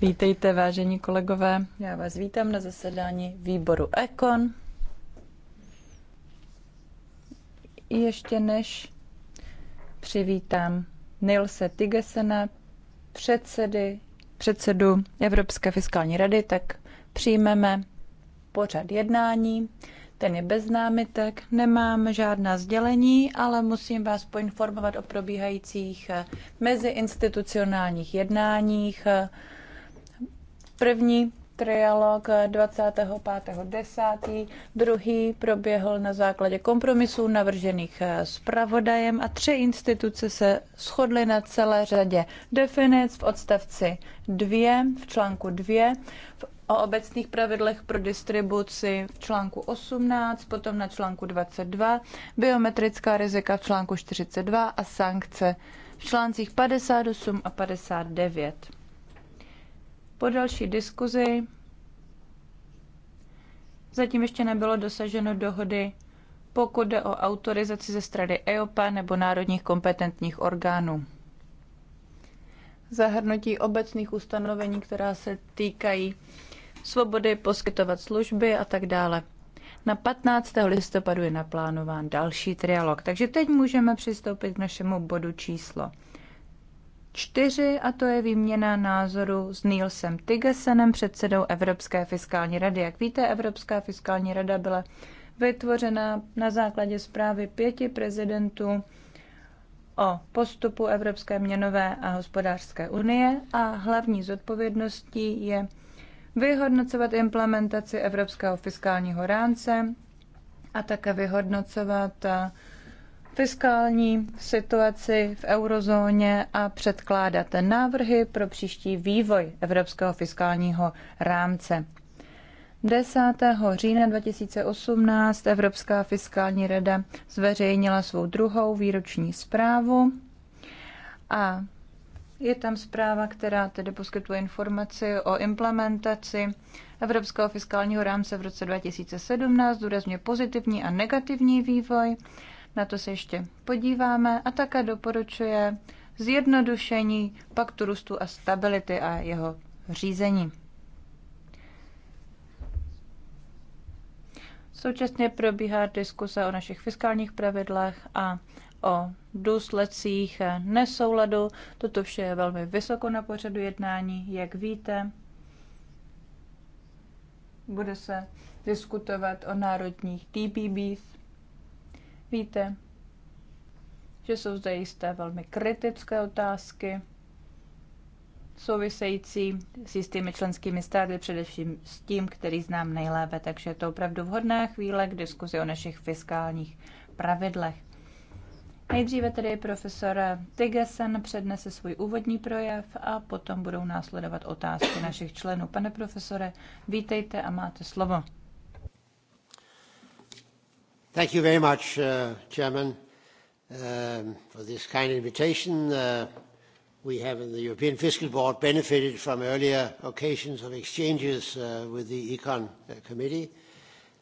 Vítejte, vážení kolegové. Já vás vítám na zasedání výboru Econ. Ještě než přivítám Nilse Tigesena, předsedy, předsedu Evropské fiskální rady, tak přijmeme pořad jednání ten je bez námitek, nemám žádná sdělení, ale musím vás poinformovat o probíhajících eh, meziinstitucionálních jednáních. První trialog 25.10. Eh, druhý proběhl na základě kompromisů navržených eh, zpravodajem a tři instituce se shodly na celé řadě definic v odstavci 2, v článku 2, v o obecných pravidlech pro distribuci v článku 18, potom na článku 22, biometrická rizika v článku 42 a sankce v článcích 58 a 59. Po další diskuzi zatím ještě nebylo dosaženo dohody, pokud jde o autorizaci ze strany EOPA nebo národních kompetentních orgánů zahrnutí obecných ustanovení, která se týkají svobody poskytovat služby a tak dále. Na 15. listopadu je naplánován další trialog, takže teď můžeme přistoupit k našemu bodu číslo 4 a to je výměna názoru s Nielsem Tigesenem, předsedou Evropské fiskální rady. Jak víte, Evropská fiskální rada byla vytvořena na základě zprávy pěti prezidentů o postupu Evropské měnové a hospodářské unie a hlavní zodpovědností je vyhodnocovat implementaci Evropského fiskálního rámce a také vyhodnocovat eh, fiskální situaci v eurozóně a předkládat návrhy pro příští vývoj Evropského fiskálního rámce. 10. října 2018 Evropská fiskální rada zveřejnila svou druhou výroční zprávu a je tam zpráva, která tedy poskytuje informaci o implementaci Evropského fiskálního rámce v roce 2017, důrazně pozitivní a negativní vývoj. Na to se ještě podíváme a také doporučuje zjednodušení paktu růstu a stability a jeho řízení. Současně probíhá diskuse o našich fiskálních pravidlech a o důsledcích nesouladu. Toto vše je velmi vysoko na pořadu jednání, jak víte. Bude se diskutovat o národních TPBs. Víte, že jsou zde jisté velmi kritické otázky související s jistými členskými státy, především s tím, který znám nejlépe. Takže je to opravdu vhodná chvíle k diskuzi o našich fiskálních pravidlech. Nejdříve tedy profesor Tigesen přednese svůj úvodní projev a potom budou následovat otázky našich členů. Pane profesore, vítejte a máte slovo. Thank you very much, uh, Chairman, um, for this kind invitation. Uh, we have in uh, the European Fiscal Board benefited from earlier occasions of exchanges uh, with the Econ uh, Committee,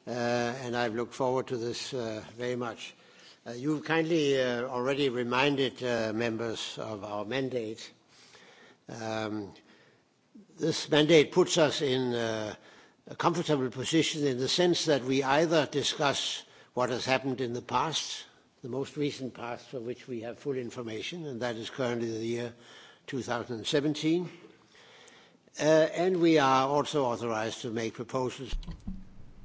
uh, and I've looked forward to this uh, very much. Uh, Uh, you've kindly uh, already reminded uh, members of our mandate. Um, this mandate puts us in uh, a comfortable position in the sense that we either discuss what has happened in the past, the most recent past for which we have full information, and that is currently the year 2017, uh, and we are also authorized to make proposals.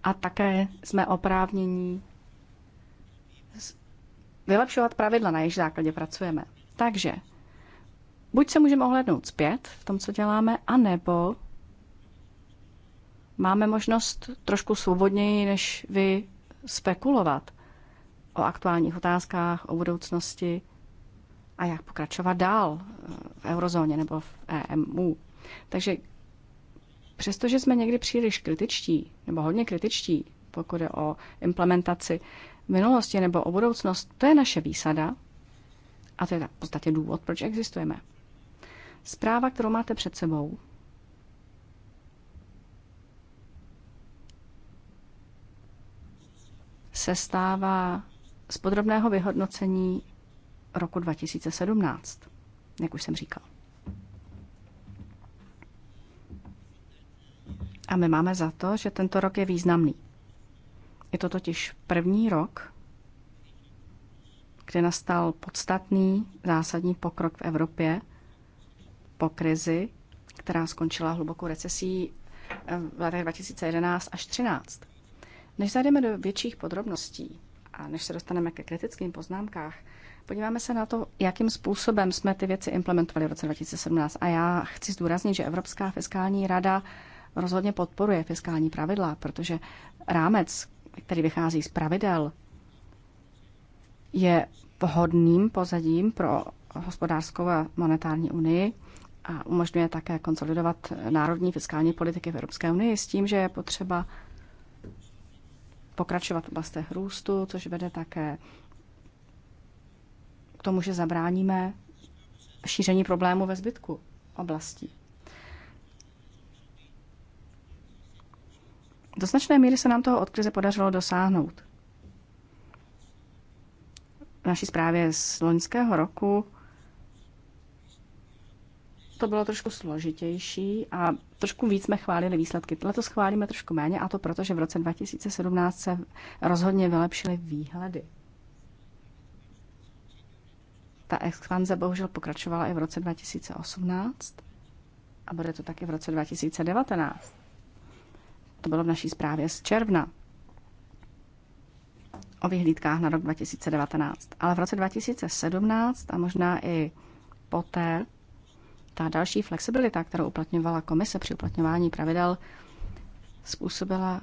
A také jsme oprávnění vylepšovat pravidla, na jejich základě pracujeme. Takže buď se můžeme ohlednout zpět v tom, co děláme, anebo máme možnost trošku svobodněji, než vy spekulovat o aktuálních otázkách, o budoucnosti a jak pokračovat dál eh, v eurozóně nebo v EMU. Takže přestože jsme někdy příliš kritičtí, nebo hodně kritičtí, pokud je o implementaci, minulosti nebo o budoucnost, to je naše výsada a to je v podstatě důvod, proč existujeme. Zpráva, kterou máte před sebou, se stává z podrobného vyhodnocení roku 2017, jak už jsem říkal. A my máme za to, že tento rok je významný. Je to totiž první rok, kdy nastal podstatný zásadní pokrok v Evropě po krizi, která skončila hlubokou recesí eh, v letech 2011 až 2013. Než zajdeme do větších podrobností a než se dostaneme ke kritickým poznámkách, podíváme se na to, jakým způsobem jsme ty věci implementovali v roce 2017. A já chci zdůraznit, že Evropská fiskální rada rozhodně podporuje fiskální pravidla, protože rámec, který vychází z pravidel, je vhodným pozadím pro hospodářskou a monetární unii a umožňuje také konsolidovat národní fiskální politiky v Evropské unii s tím, že je potřeba pokračovat v oblastech růstu, což vede také k tomu, že zabráníme šíření problému ve zbytku oblastí. Do značné míry se nám toho od krize podařilo dosáhnout. V naší zprávě z loňského roku to bylo trošku složitější a trošku víc jsme chválili výsledky. Letos chválíme trošku méně a to proto, že v roce 2017 se rozhodně vylepšily výhledy. Ta expanze bohužel pokračovala i v roce 2018 a bude to taky v roce 2019. To bylo v naší zprávě z června o vyhlídkách na rok 2019. Ale v roce 2017 a možná i poté ta další flexibilita, kterou uplatňovala komise při uplatňování pravidel, způsobila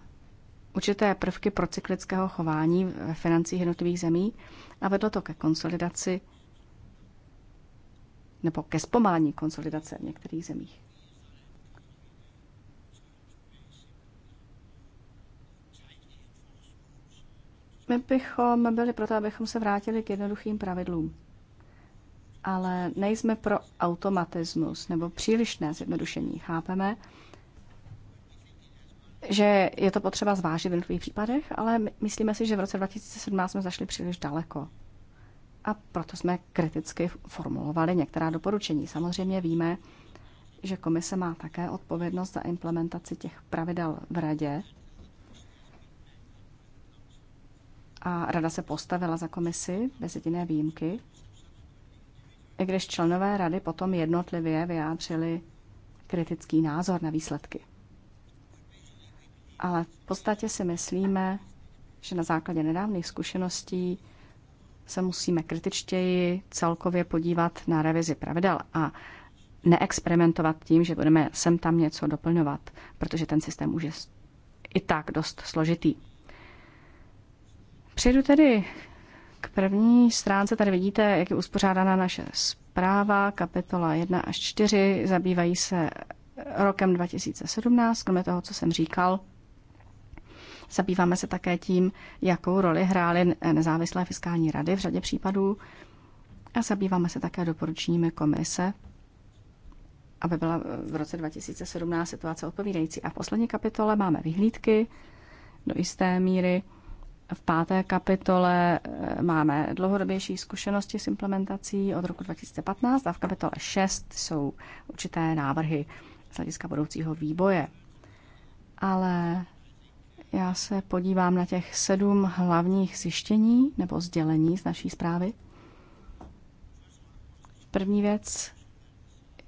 určité prvky procyklického chování ve financích jednotlivých zemí a vedlo to ke konsolidaci nebo ke zpomalení konsolidace v některých zemích. My bychom byli proto, abychom se vrátili k jednoduchým pravidlům. Ale nejsme pro automatismus nebo přílišné zjednodušení. Chápeme, že je to potřeba zvážit v jednotlivých případech, ale myslíme si, že v roce 2017 jsme zašli příliš daleko. A proto jsme kriticky formulovali některá doporučení. Samozřejmě víme, že komise má také odpovědnost za implementaci těch pravidel v radě a rada se postavila za komisi bez jediné výjimky, i když členové rady potom jednotlivě vyjádřili kritický názor na výsledky. Ale v podstatě si myslíme, že na základě nedávných zkušeností se musíme kritičtěji celkově podívat na revizi pravidel a neexperimentovat tím, že budeme sem tam něco doplňovat, protože ten systém už je i tak dost složitý. Přejdu tedy k první stránce. Tady vidíte, jak je uspořádána naše zpráva. Kapitola 1 až 4 zabývají se rokem 2017, kromě toho, co jsem říkal. Zabýváme se také tím, jakou roli hrály nezávislé fiskální rady v řadě případů a zabýváme se také doporučeními komise, aby byla v roce 2017 situace odpovídající. A v poslední kapitole máme vyhlídky do jisté míry v páté kapitole eh, máme dlouhodobější zkušenosti s implementací od roku 2015 a v kapitole 6 jsou určité návrhy z hlediska budoucího výboje. Ale já se podívám na těch sedm hlavních zjištění nebo sdělení z naší zprávy. První věc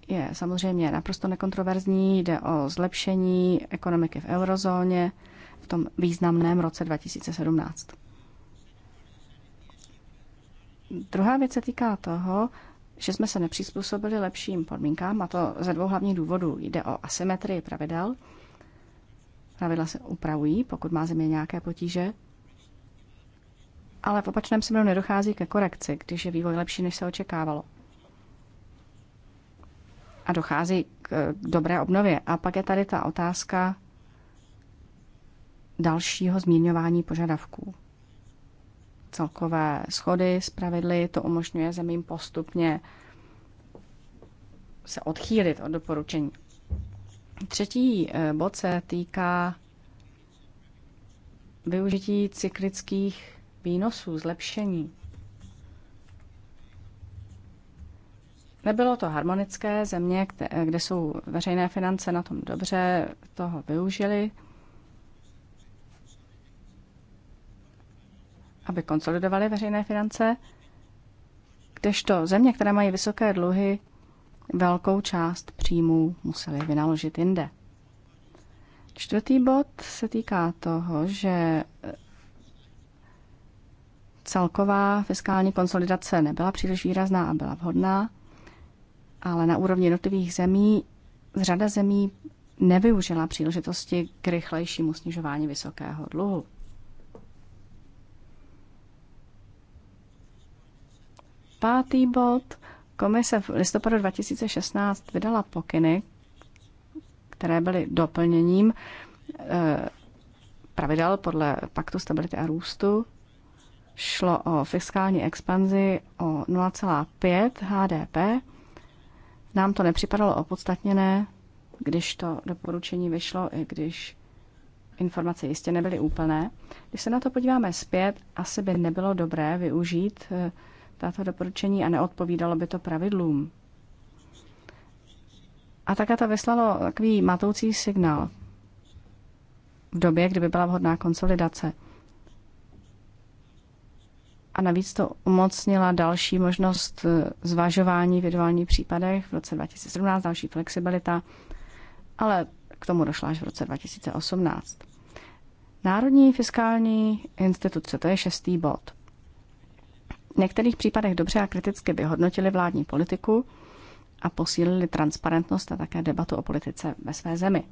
je samozřejmě naprosto nekontroverzní, jde o zlepšení ekonomiky v eurozóně, tom významném roce 2017. Druhá věc se týká toho, že jsme se nepřizpůsobili lepším podmínkám, a to ze dvou hlavních důvodů. Jde o asymetrii pravidel. Pravidla se upravují, pokud má země nějaké potíže, ale v opačném směru nedochází ke korekci, když je vývoj lepší, než se očekávalo. A dochází k dobré obnově. A pak je tady ta otázka dalšího zmírňování požadavků. Celkové schody z pravidly to umožňuje zemím postupně se odchýlit od doporučení. Třetí eh, bod se týká využití cyklických výnosů, zlepšení. Nebylo to harmonické země, kde, jsou veřejné finance na tom dobře, toho využili. aby konsolidovaly veřejné finance, kdežto země, které mají vysoké dluhy, velkou část příjmů museli vynaložit jinde. Čtvrtý bod se týká toho, že e, celková fiskální konsolidace nebyla příliš výrazná a byla vhodná, ale na úrovni jednotlivých zemí řada zemí nevyužila příležitosti k rychlejšímu snižování vysokého dluhu. Pátý bod. Komise v listopadu 2016 vydala pokyny, které byly doplněním eh, pravidel podle Paktu stability a růstu. Šlo o fiskální expanzi o 0,5 HDP. Nám to nepřipadalo opodstatněné, když to doporučení vyšlo, i když informace jistě nebyly úplné. Když se na to podíváme zpět, asi by nebylo dobré využít eh, tato doporučení a neodpovídalo by to pravidlům. A také to vyslalo takový matoucí signál v době, kdyby byla vhodná konsolidace. A navíc to umocnila další možnost eh, zvažování v individuálních případech v roce 2017, další flexibilita, ale k tomu došla až v roce 2018. Národní fiskální instituce, to je šestý bod v některých případech dobře a kriticky vyhodnotili vládní politiku a posílili transparentnost a také debatu o politice ve své zemi.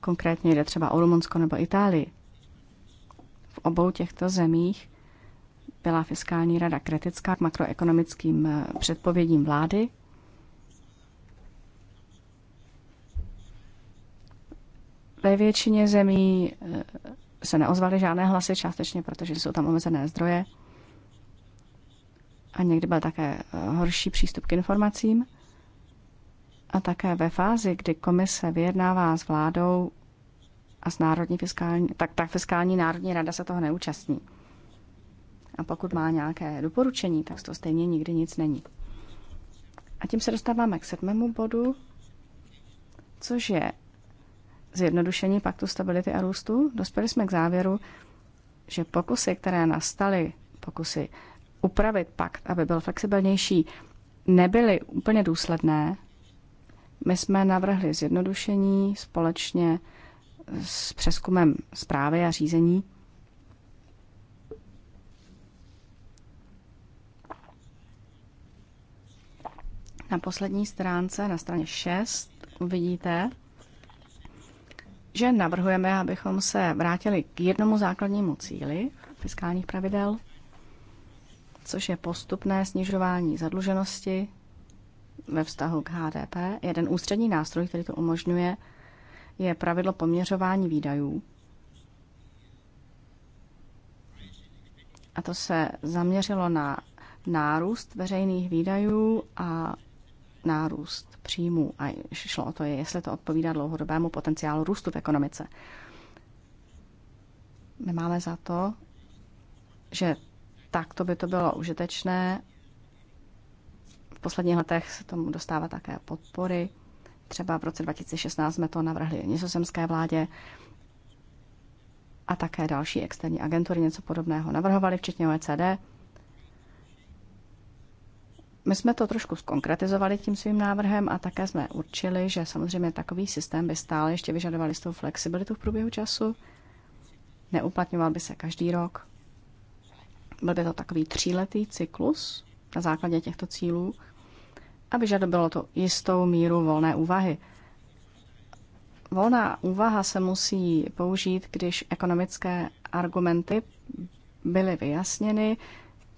Konkrétně jde třeba o Rumunsko nebo Itálii. V obou těchto zemích byla fiskální rada kritická k makroekonomickým eh, předpovědím vlády. Ve většině zemí eh, se neozvaly žádné hlasy, částečně protože jsou tam omezené zdroje a někdy byl také eh, horší přístup k informacím. A také ve fázi, kdy komise vyjednává s vládou a s Národní fiskální, tak tak fiskální Národní rada se toho neúčastní. A pokud má nějaké doporučení, tak to stejně nikdy nic není. A tím se dostáváme k sedmému bodu, což je zjednodušení paktu stability a růstu. Dospěli jsme k závěru, že pokusy, které nastaly, pokusy upravit pakt, aby byl flexibilnější, nebyly úplně důsledné. My jsme navrhli zjednodušení společně s přeskumem zprávy a řízení. Na poslední stránce, na straně 6, uvidíte, že navrhujeme, abychom se vrátili k jednomu základnímu cíli fiskálních pravidel – což je postupné snižování zadluženosti ve vztahu k HDP. Jeden ústřední nástroj, který to umožňuje, je pravidlo poměřování výdajů. A to se zaměřilo na nárůst veřejných výdajů a nárůst příjmů. A šlo o to, jestli to odpovídá dlouhodobému potenciálu růstu v ekonomice. My máme za to, že tak to by to bylo užitečné. V posledních letech se tomu dostává také podpory. Třeba v roce 2016 jsme to navrhli nizozemské vládě a také další externí agentury něco podobného navrhovali, včetně OECD. My jsme to trošku skonkretizovali tím svým návrhem a také jsme určili, že samozřejmě takový systém by stále ještě vyžadoval jistou flexibilitu v průběhu času. Neuplatňoval by se každý rok by to takový tříletý cyklus na základě těchto cílů a vyžadovalo to jistou míru volné úvahy. Volná úvaha se musí použít, když ekonomické argumenty byly vyjasněny.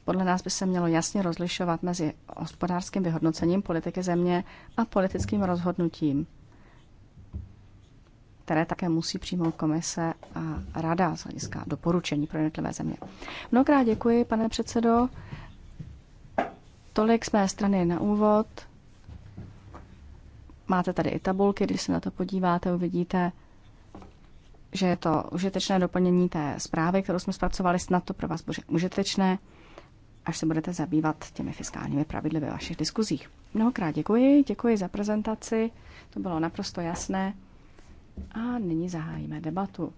Podle nás by se mělo jasně rozlišovat mezi hospodářským vyhodnocením politiky země a politickým rozhodnutím které také musí přijmout komise a rada z hlediska doporučení pro jednotlivé země. Mnohokrát děkuji, pane předsedo. Tolik z mé strany na úvod. Máte tady i tabulky, když se na to podíváte, uvidíte, že je to užitečné doplnění té zprávy, kterou jsme zpracovali, snad to pro vás bude užitečné, až se budete zabývat těmi fiskálními pravidly ve vašich diskuzích. Mnohokrát děkuji, děkuji za prezentaci, to bylo naprosto jasné. A nyní zahájíme debatu.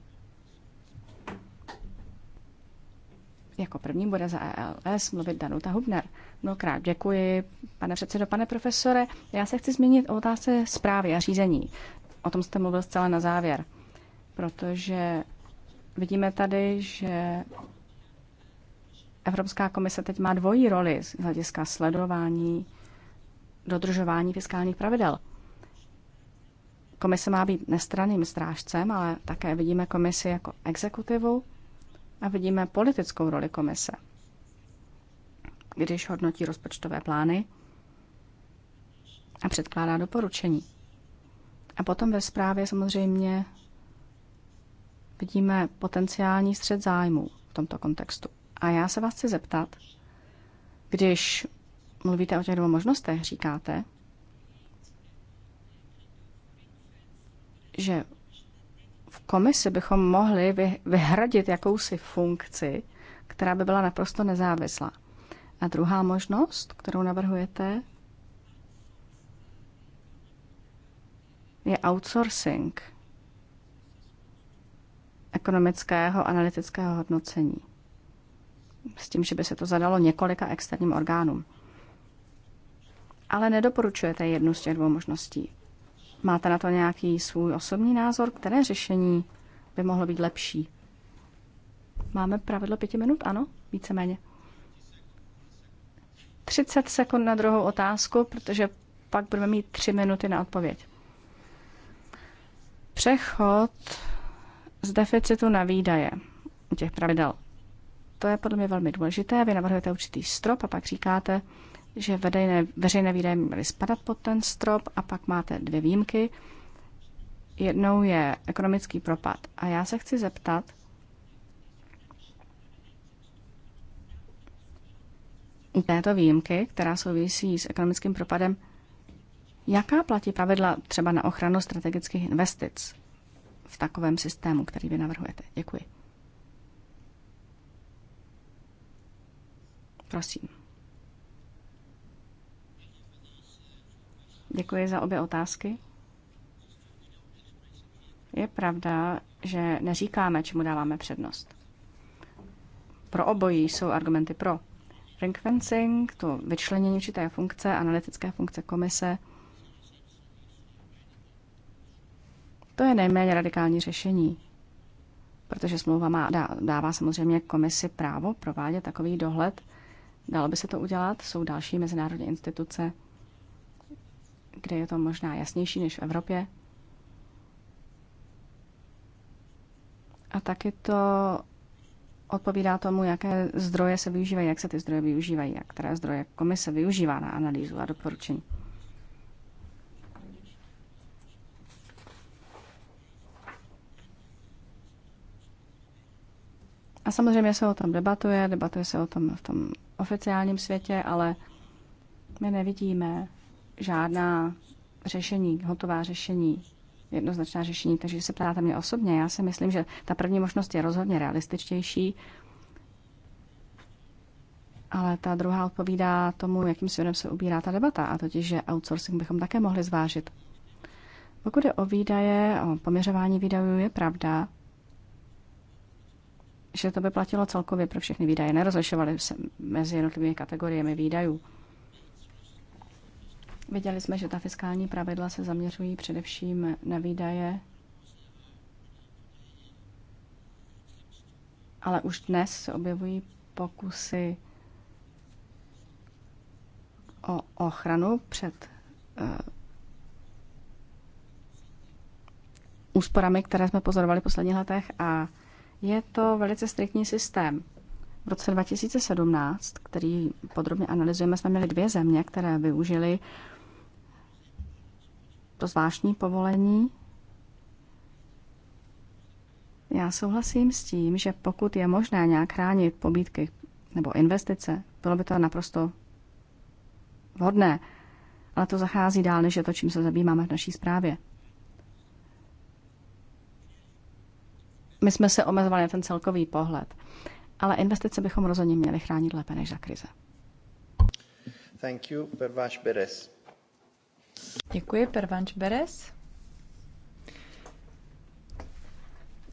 Jako první bude za ELS mluvit Danuta Hubner. Mnohokrát děkuji, pane předsedo, pane profesore. Já se chci zmínit o otázce zprávy a řízení. O tom jste mluvil zcela na závěr, protože vidíme tady, že Evropská komise teď má dvojí roli z hlediska sledování dodržování fiskálních pravidel. Komise má být nestraným strážcem, ale také vidíme komisi jako exekutivu a vidíme politickou roli komise, když hodnotí rozpočtové plány a předkládá doporučení. A potom ve zprávě samozřejmě vidíme potenciální střed zájmů v tomto kontextu. A já se vás chci zeptat, když mluvíte o těch dvou možnostech, říkáte, že v komisi bychom mohli vyhradit jakousi funkci, která by byla naprosto nezávislá. A druhá možnost, kterou navrhujete, je outsourcing ekonomického analytického hodnocení. S tím, že by se to zadalo několika externím orgánům. Ale nedoporučujete jednu z těch dvou možností. Máte na to nějaký svůj osobní názor? Které řešení by mohlo být lepší? Máme pravidlo pěti minut? Ano, víceméně. 30 sekund na druhou otázku, protože pak budeme mít tři minuty na odpověď. Přechod z deficitu na výdaje těch pravidel. To je podle mě velmi důležité. Vy navrhujete určitý strop a pak říkáte, že vedejné, veřejné výdaje měly spadat pod ten strop a pak máte dvě výjimky. Jednou je ekonomický propad. A já se chci zeptat, u této výjimky, která souvisí s ekonomickým propadem, jaká platí pravidla třeba na ochranu strategických investic v takovém systému, který vy navrhujete? Děkuji. Prosím. Děkuji za obě otázky. Je pravda, že neříkáme, čemu dáváme přednost. Pro obojí jsou argumenty pro. Ring fencing, to vyčlenění určité funkce, analytické funkce komise, to je nejméně radikální řešení, protože smlouva má, dá, dává samozřejmě komisi právo provádět takový dohled. Dalo by se to udělat, jsou další mezinárodní instituce, kde je to možná jasnější než v Evropě. A taky to odpovídá tomu, jaké zdroje se využívají, jak se ty zdroje využívají a které zdroje komise využívá na analýzu a doporučení. A samozřejmě se o tom debatuje, debatuje se o tom v tom oficiálním světě, ale my nevidíme, žádná řešení, hotová řešení, jednoznačná řešení, takže se ptáte mě osobně. Já si myslím, že ta první možnost je rozhodně realističtější, ale ta druhá odpovídá tomu, jakým směrem se ubírá ta debata, a totiž, že outsourcing bychom také mohli zvážit. Pokud je o výdaje, o poměřování výdajů, je pravda, že to by platilo celkově pro všechny výdaje. Nerozlišovali se mezi jednotlivými kategoriemi výdajů. Viděli jsme, že ta fiskální pravidla se zaměřují především na výdaje, ale už dnes se objevují pokusy o ochranu před uh, úsporami, které jsme pozorovali v posledních letech a je to velice striktní systém. V roce 2017, který podrobně analyzujeme, jsme měli dvě země, které využily uh, to zvláštní povolení. Já souhlasím s tím, že pokud je možné nějak chránit pobídky nebo investice, bylo by to naprosto vhodné, ale to zachází dál, než je to, čím se zabýváme v naší zprávě. My jsme se omezovali na ten celkový pohled, ale investice bychom rozhodně měli chránit lépe než za krize. Thank you, Děkuji, Pervanč Beres.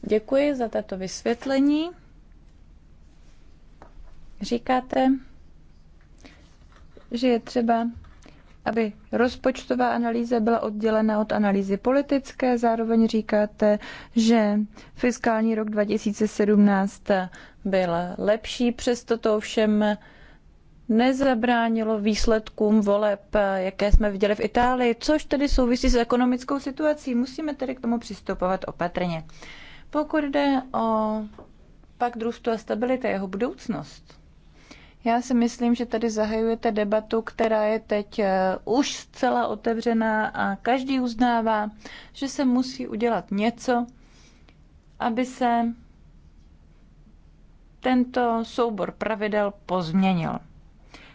Děkuji za tato vysvětlení. Říkáte, že je třeba, aby rozpočtová analýza byla oddělena od analýzy politické. Zároveň říkáte, že fiskální rok 2017 byl lepší, přesto to ovšem nezabránilo výsledkům voleb, jaké jsme viděli v Itálii, což tedy souvisí s ekonomickou situací. Musíme tedy k tomu přistupovat opatrně. Pokud jde o pak růstu a stability, jeho budoucnost, já si myslím, že tady zahajujete debatu, která je teď eh, už zcela otevřená a každý uznává, že se musí udělat něco, aby se tento soubor pravidel pozměnil.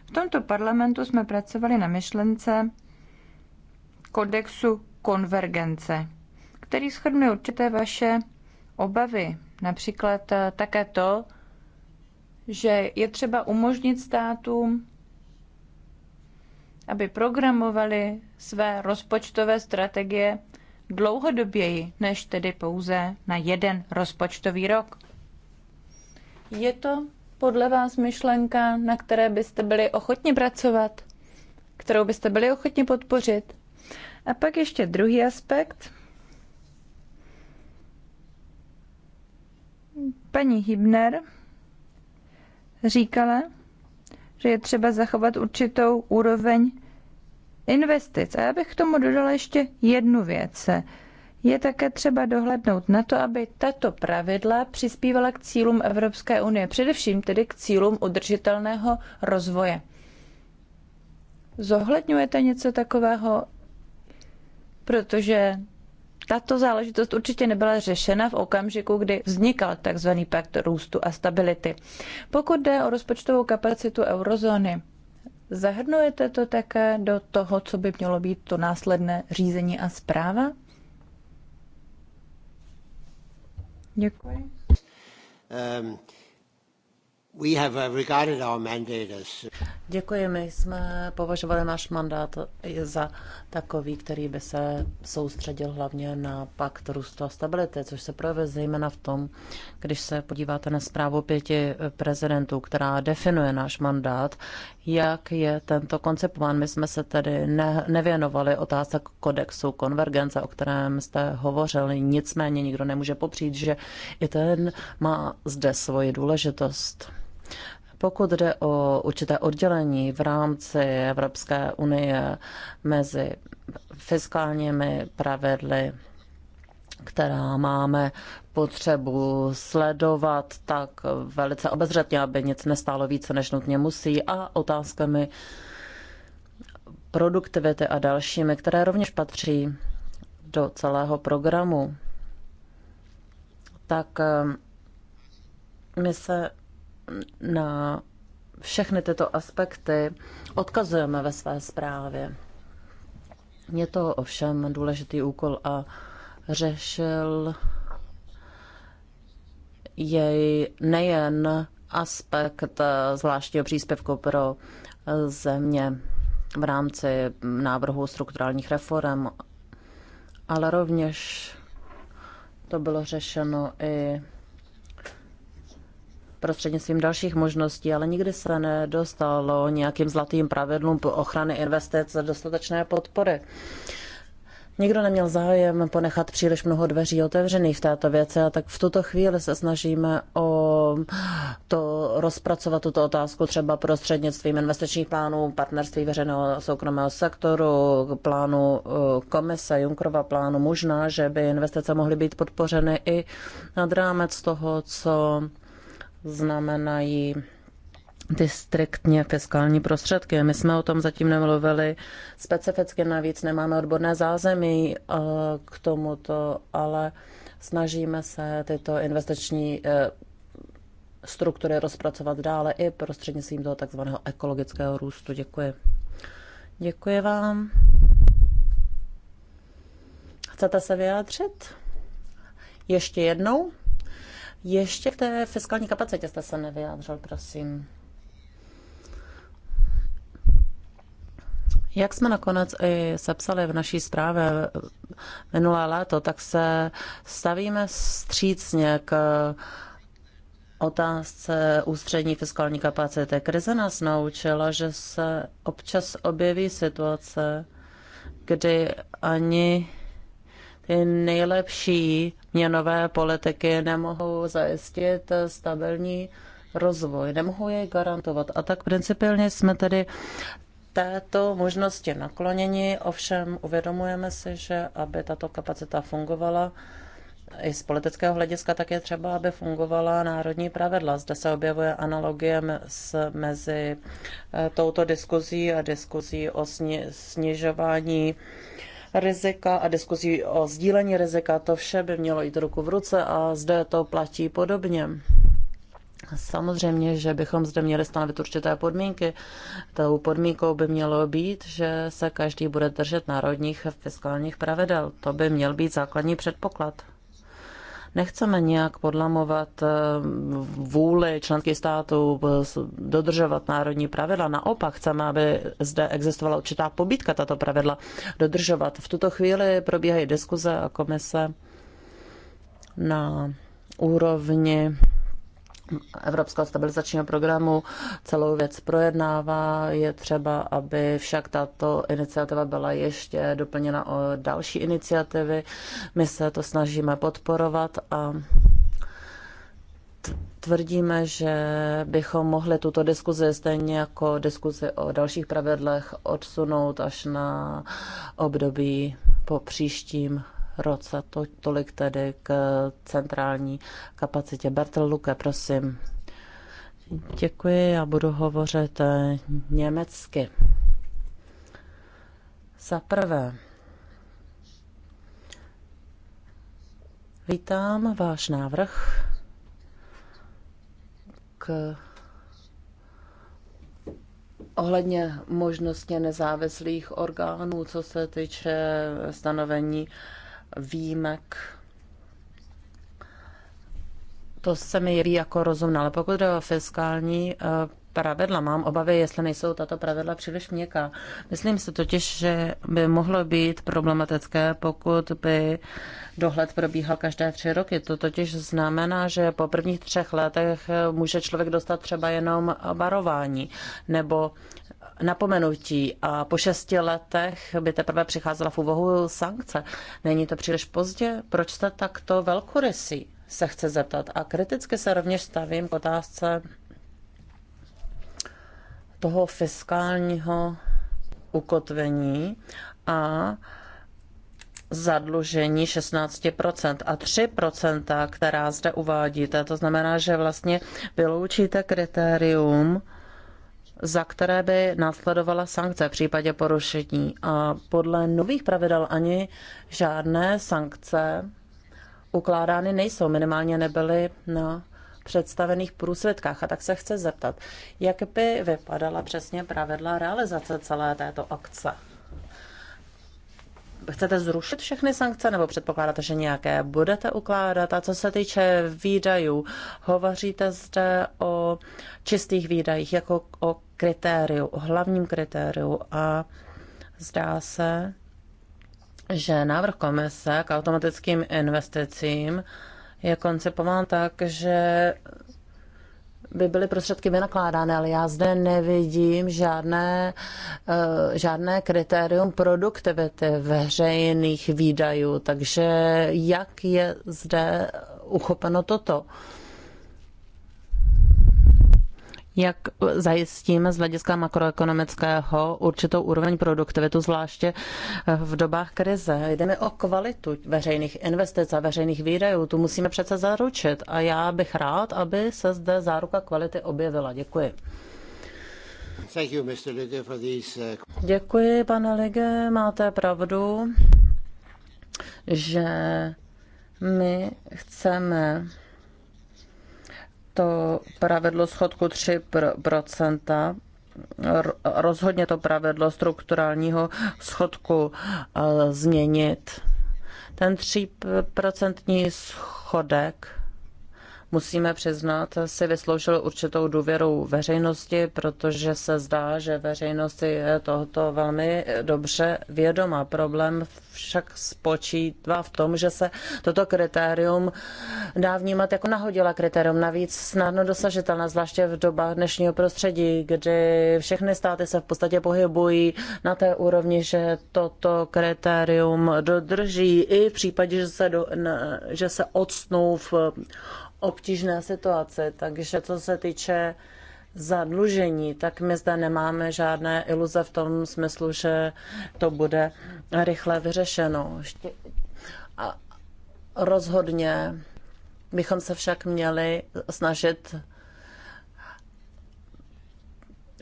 V tomto parlamentu jsme pracovali na myšlence kodexu konvergence, který schrnuje určité vaše obavy. Například eh, také to, že je třeba umožnit státům, aby programovali své rozpočtové strategie dlouhodoběji, než tedy pouze na jeden rozpočtový rok. Je to podle vás myšlenka, na které byste byli ochotni pracovat, kterou byste byli ochotni podpořit. A pak ještě druhý aspekt. Paní Hibner říkala, že je třeba zachovat určitou úroveň investic. A já bych k tomu dodala ještě jednu věc. Je také třeba dohlednout na to, aby tato pravidla přispívala k cílům Evropské unie, především tedy k cílům udržitelného rozvoje. Zohledňujete něco takového, protože tato záležitost určitě nebyla řešena v okamžiku, kdy vznikal tzv. pakt růstu a stability. Pokud jde o rozpočtovou kapacitu eurozóny, zahrnujete to také do toho, co by mělo být to následné řízení a zpráva? Děkuji. Um, uh, my jsme považovali náš mandát za takový, který by se soustředil hlavně na pakt růstu a stability, což se projevuje zejména v tom, když se podíváte na zprávu pěti prezidentů, která definuje náš mandát, jak je tento koncipován. My jsme se tedy ne, nevěnovali otázek kodexu konvergence, o kterém jste hovořili. Nicméně nikdo nemůže popřít, že i ten má zde svoji důležitost. Pokud jde o určité oddělení v rámci Evropské unie mezi fiskálními pravidly, která máme potřebu sledovat tak velice obezřetně, aby nic nestálo více, než nutně musí a otázkami produktivity a dalšími, které rovněž patří do celého programu, tak eh, my se na všechny tyto aspekty odkazujeme ve své zprávě. Je to ovšem důležitý úkol a řešil jej nejen aspekt eh, zvláštního příspěvku pro eh, země v rámci návrhu strukturálních reform, ale rovněž to bylo řešeno i prostřednictvím dalších možností, ale nikdy se nedostalo nějakým zlatým pravidlům ochrany investic dostatečné podpory. Nikdo neměl zájem ponechat příliš mnoho dveří otevřených v této věci a tak v tuto chvíli se snažíme o to rozpracovat tuto otázku třeba prostřednictvím investičních plánů, partnerství veřejného soukromého sektoru, plánu eh, komise, Junkrova plánu. Možná, že by investice mohly být podpořeny i nad rámec toho, co znamenají striktně fiskální prostředky. My jsme o tom zatím nemluvili specificky, navíc nemáme odborné zázemí eh, k tomuto, ale snažíme se tyto investiční eh, struktury rozpracovat dále i prostřednictvím toho takzvaného ekologického růstu. Děkuji. Děkuji vám. Chcete se vyjádřit? Ještě jednou? Ještě k té fiskální kapacitě jste se nevyjádřil, prosím. Jak jsme nakonec i sepsali v naší zprávě minulé léto, tak se stavíme střícně k otázce ústřední fiskální kapacity. Krize nás naučila, že se občas objeví situace, kdy ani ty nejlepší měnové politiky nemohou zajistit stabilní rozvoj, nemohou jej garantovat. A tak principiálně jsme tedy této možnosti nakloněni, ovšem uvědomujeme si, že aby tato kapacita fungovala, i z politického hlediska tak je třeba, aby fungovala národní pravidla. Zde se objevuje analogie mezi eh, touto diskuzí a diskuzí o snižování rizika a diskuzí o sdílení rizika. To vše by mělo jít ruku v ruce a zde to platí podobně. Samozřejmě, že bychom zde měli stanovit určité podmínky. Tou podmínkou by mělo být, že se každý bude držet národních fiskálních pravidel. To by měl být základní předpoklad. Nechceme nějak podlamovat eh, vůli členských států eh, dodržovat národní pravidla. Naopak chceme, aby zde existovala určitá pobítka tato pravidla dodržovat. V tuto chvíli probíhají diskuze a komise na úrovni Evropského stabilizačního programu celou věc projednává. Je třeba, aby však tato iniciativa byla ještě doplněna o další iniciativy. My se to snažíme podporovat a tvrdíme, že bychom mohli tuto diskuzi stejně jako diskuzi o dalších pravidlech odsunout až na období po příštím roce. To, tolik tedy k centrální kapacitě. Bertel Luke, prosím. Děkuji, já budu hovořit eh, německy. Za prvé, vítám váš návrh k ohledně možnosti nezávislých orgánů, co se týče stanovení výjimek. To se mi jeví jako rozumné, ale pokud jde o fiskální eh, pravidla. Mám obavy, jestli nejsou tato pravidla příliš měkká. Myslím si totiž, že by mohlo být problematické, pokud by dohled probíhal každé tři roky. To totiž znamená, že po prvních třech letech může člověk dostat třeba jenom varování nebo napomenutí a po šesti letech by teprve přicházela v úvahu sankce. Není to příliš pozdě? Proč jste takto velkorysí? se chce zeptat. A kriticky se rovněž stavím k otázce toho fiskálního ukotvení a zadlužení 16% a 3%, která zde uvádíte. To znamená, že vlastně vyloučíte kritérium za které by následovala sankce v případě porušení. A podle nových pravidel ani žádné sankce ukládány nejsou, minimálně nebyly na představených průsvědkách. A tak se chce zeptat, jak by vypadala přesně pravidla realizace celé této akce? chcete zrušit všechny sankce nebo předpokládáte, že nějaké budete ukládat? A co se týče výdajů, hovoříte zde o čistých výdajích jako o kritériu, o hlavním kritériu a zdá se, že návrh komise k automatickým investicím je koncipován tak, že by byly prostředky vynakládány, ale já zde nevidím žádné, eh, žádné kritérium produktivity veřejných výdajů. Takže jak je zde uchopeno toto? jak zajistíme z hlediska makroekonomického určitou úroveň produktivitu, zvláště v dobách krize. Jde mi o kvalitu veřejných investic a veřejných výdajů. Tu musíme přece zaručit a já bych rád, aby se zde záruka kvality objevila. Děkuji. Uh, Děkuji, pane Lige, máte pravdu, že my chceme to pravidlo schodku 3%, procenta rozhodně to pravidlo strukturálního schodku eh, změnit. Ten 3% schodek musíme přiznat, si vysloužil určitou důvěru veřejnosti, protože se zdá, že veřejnost je tohoto velmi dobře vědoma. Problém však spočívá v tom, že se toto kritérium dá vnímat jako nahodila kritérium, navíc snadno dosažitelné, zvláště v dobách dnešního prostředí, kdy všechny státy se v podstatě pohybují na té úrovni, že toto kritérium dodrží i v případě, že se, do, že se odsnou v obtížná situace, takže co se týče zadlužení, tak my zde nemáme žádné iluze v tom smyslu, že to bude rychle vyřešeno. A rozhodně bychom se však měli snažit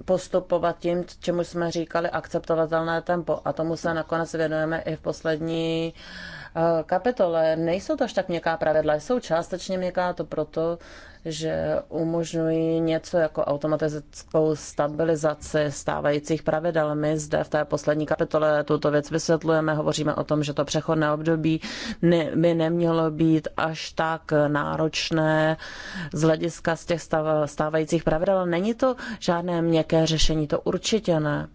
postupovat tím, čemu jsme říkali akceptovatelné tempo. A tomu se nakonec věnujeme i v poslední Eh, kapitole nejsou to až tak měkká pravidla, jsou částečně měkká to proto, že umožňují něco jako automatickou stabilizaci stávajících pravidel. My zde v té poslední kapitole tuto věc vysvětlujeme, hovoříme o tom, že to přechodné období by nemělo být až tak náročné z hlediska z těch stávajících pravidel. Není to žádné měkké řešení, to určitě ne.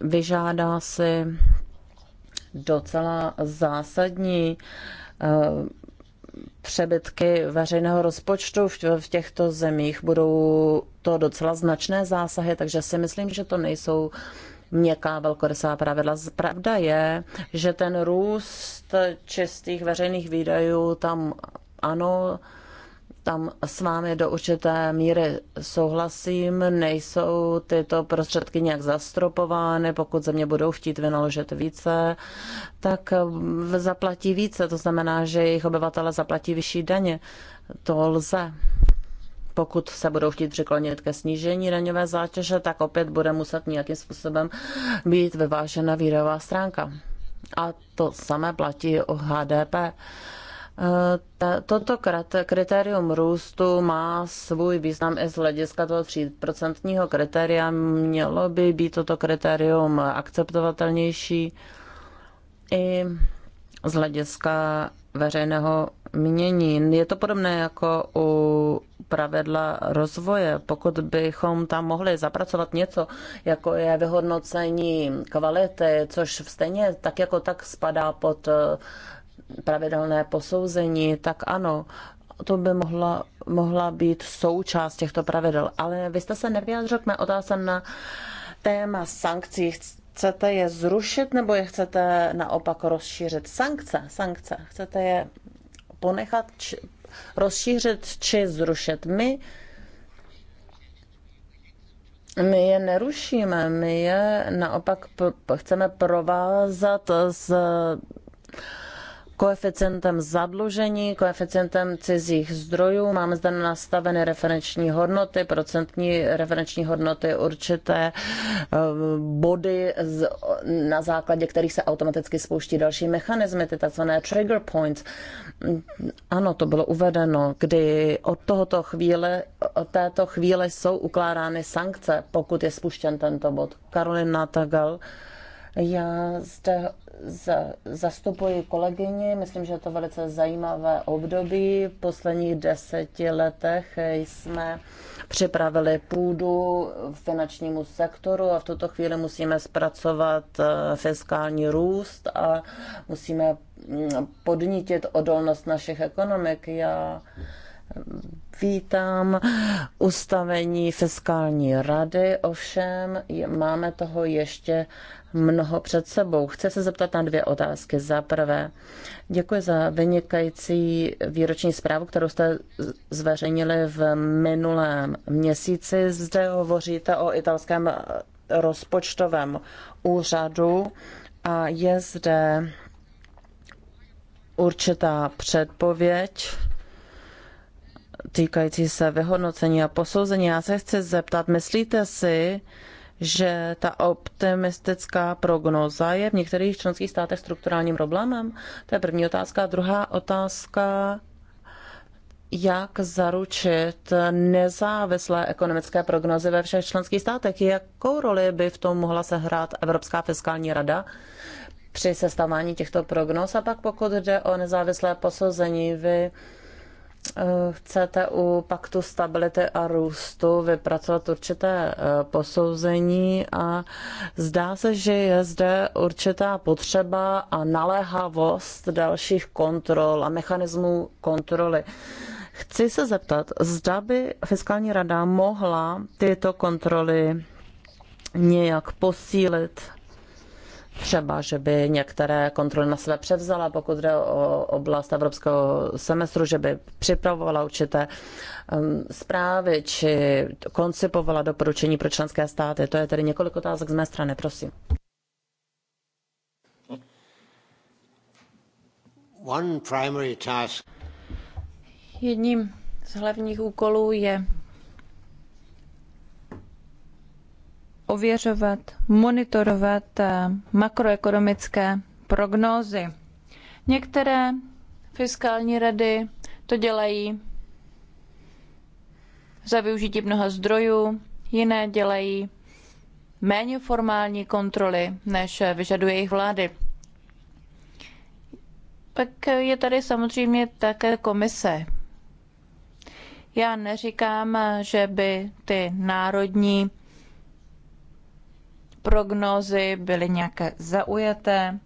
Vyžádá si docela zásadní eh, přebytky veřejného rozpočtu v těchto zemích. Budou to docela značné zásahy, takže si myslím, že to nejsou měkká velkorysá pravidla. Pravda je, že ten růst čistých veřejných výdajů tam ano, tam s vámi do určité míry souhlasím. Nejsou tyto prostředky nějak zastropovány. Pokud mě budou chtít vynaložit více, tak eh, zaplatí více. To znamená, že jejich obyvatele zaplatí vyšší daně. To lze. Pokud se budou chtít přiklonit ke snížení daňové zátěže, tak opět bude muset nějakým způsobem být vyvážena výdajová stránka. A to samé platí o HDP. Eh, toto kritérium růstu má svůj význam i z hlediska toho 3% kritéria. Mělo by být toto kritérium akceptovatelnější i z hlediska veřejného mění. Je to podobné jako u pravidla rozvoje. Pokud bychom tam mohli zapracovat něco, jako je vyhodnocení kvality, což stejně tak jako tak spadá pod eh, pravidelné posouzení, tak ano, to by mohla, mohla být součást těchto pravidel. Ale vy jste se nevyjádřil k mé otázce na téma sankcí. Chcete je zrušit nebo je chcete naopak rozšířit? Sankce, sankce. Chcete je ponechat, či, rozšířit či zrušit? My my je nerušíme, my je naopak chceme provázat s koeficientem zadlužení, koeficientem cizích zdrojů. Máme zde nastaveny referenční hodnoty, procentní referenční hodnoty určité eh, body, na základě kterých se automaticky spouští další mechanismy, ty tzv. trigger points. Ano, to bylo uvedeno, kdy od tohoto chvíle, od této chvíle jsou ukládány sankce, pokud je spuštěn tento bod. Karolina Tagal. Já zde zastupuji kolegyně. myslím, že je to velice zajímavé období. V posledních deseti letech jsme připravili půdu finančnímu sektoru a v tuto chvíli musíme zpracovat eh, fiskální růst a musíme mm, podnítit odolnost našich ekonomik. Já vítám ustavení fiskální rady, ovšem máme toho ještě mnoho před sebou. Chci se zeptat na dvě otázky. Za prvé, děkuji za vynikající výroční zprávu, kterou jste zveřejnili v minulém měsíci. Zde hovoříte o italském rozpočtovém úřadu a je zde určitá předpověď týkající se vyhodnocení a posouzení. Já se chci zeptat, myslíte si, že ta optimistická prognóza je v některých členských státech strukturálním problémem? To je první otázka. Druhá otázka, jak zaručit nezávislé ekonomické prognozy ve všech členských státech? Jakou roli by v tom mohla sehrát Evropská fiskální rada? při sestavování těchto prognóz. A pak pokud jde o nezávislé posouzení, vy Eh, chcete u paktu stability a růstu vypracovat určité eh, posouzení a zdá se, že je zde určitá potřeba a naléhavost dalších kontrol a mechanismů kontroly. Chci se zeptat, zda by fiskální rada mohla tyto kontroly nějak posílit Třeba, že by některé kontroly na sebe převzala, pokud jde o oblast evropského semestru, že by připravovala určité um, zprávy či koncipovala doporučení pro členské státy. To je tedy několik otázek z mé strany, prosím. One primary task. Jedním z hlavních úkolů je ověřovat, monitorovat eh, makroekonomické prognózy. Některé fiskální rady to dělají za využití mnoha zdrojů, jiné dělají méně formální kontroly, než vyžaduje jejich vlády. Pak je tady samozřejmě také komise. Já neříkám, že by ty národní prognózy byly nějaké zaujaté.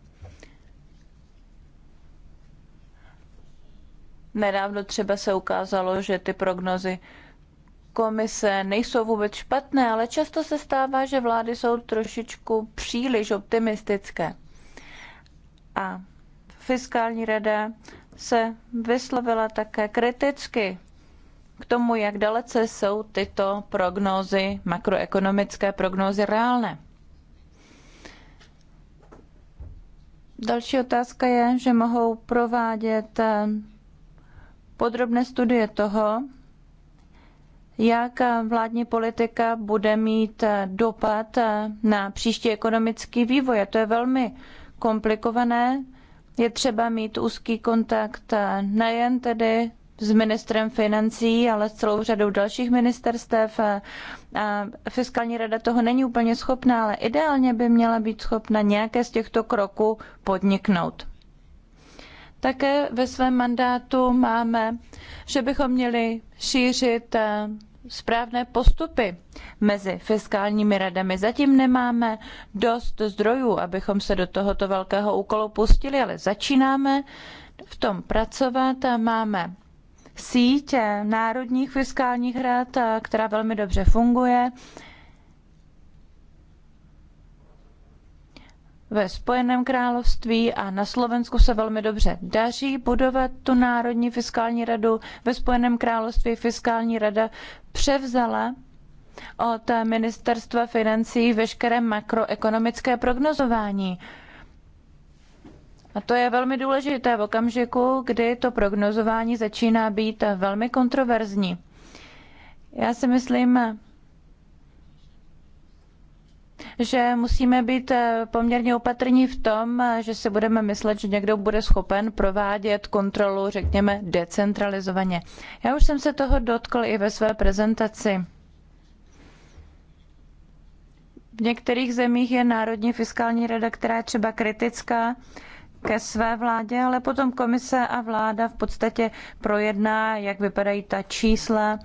Nedávno třeba se ukázalo, že ty prognozy komise nejsou vůbec špatné, ale často se stává, že vlády jsou trošičku příliš optimistické. A fiskální rada se vyslovila také kriticky k tomu, jak dalece jsou tyto prognózy, makroekonomické prognózy reálné. Další otázka je, že mohou provádět eh, podrobné studie toho, jak eh, vládní politika bude mít eh, dopad na příští ekonomický vývoj. A to je velmi komplikované. Je třeba mít úzký kontakt nejen tedy s ministrem financí, ale s celou řadou dalších ministerstev. A fiskální rada toho není úplně schopná, ale ideálně by měla být schopna nějaké z těchto kroků podniknout. Také ve svém mandátu máme, že bychom měli šířit správné postupy mezi fiskálními radami. Zatím nemáme dost zdrojů, abychom se do tohoto velkého úkolu pustili, ale začínáme v tom pracovat a máme síť národních fiskálních rad, eh, která velmi dobře funguje. Ve Spojeném království a na Slovensku se velmi dobře daří budovat tu Národní fiskální radu. Ve Spojeném království fiskální rada převzala od ministerstva financí veškeré makroekonomické prognozování. A to je velmi důležité v okamžiku, kdy to prognozování začíná být velmi kontroverzní. Já si myslím, že musíme být poměrně opatrní v tom, že si budeme myslet, že někdo bude schopen provádět kontrolu, řekněme, decentralizovaně. Já už jsem se toho dotkl i ve své prezentaci. V některých zemích je Národní fiskální rada, která je třeba kritická, ke své vládě, ale potom komise a vláda v podstatě projedná, jak vypadají ta čísla,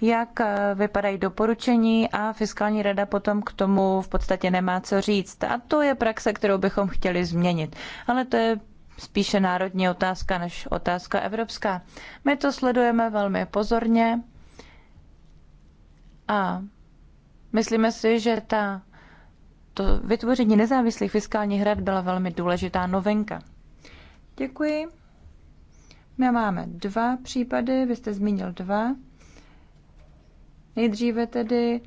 jak eh, vypadají doporučení a fiskální rada potom k tomu v podstatě nemá co říct. A to je praxe, kterou bychom chtěli změnit. Ale to je spíše národní otázka než otázka evropská. My to sledujeme velmi pozorně a myslíme si, že ta to vytvoření nezávislých fiskálních rad byla velmi důležitá novinka. Děkuji. My máme dva případy, vy jste zmínil dva. Nejdříve tedy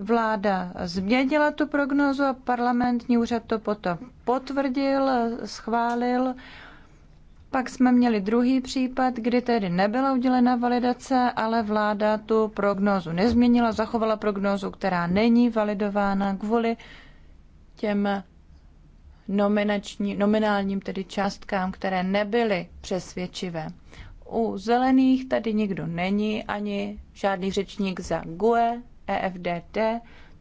vláda změnila tu prognózu a parlamentní úřad to potom potvrdil, schválil. Pak jsme měli druhý případ, kdy tedy nebyla udělena validace, ale vláda tu prognózu nezměnila, zachovala prognózu, která není validována kvůli těm nominační, nominálním tedy částkám, které nebyly přesvědčivé. U zelených tady nikdo není, ani žádný řečník za GUE, EFDT,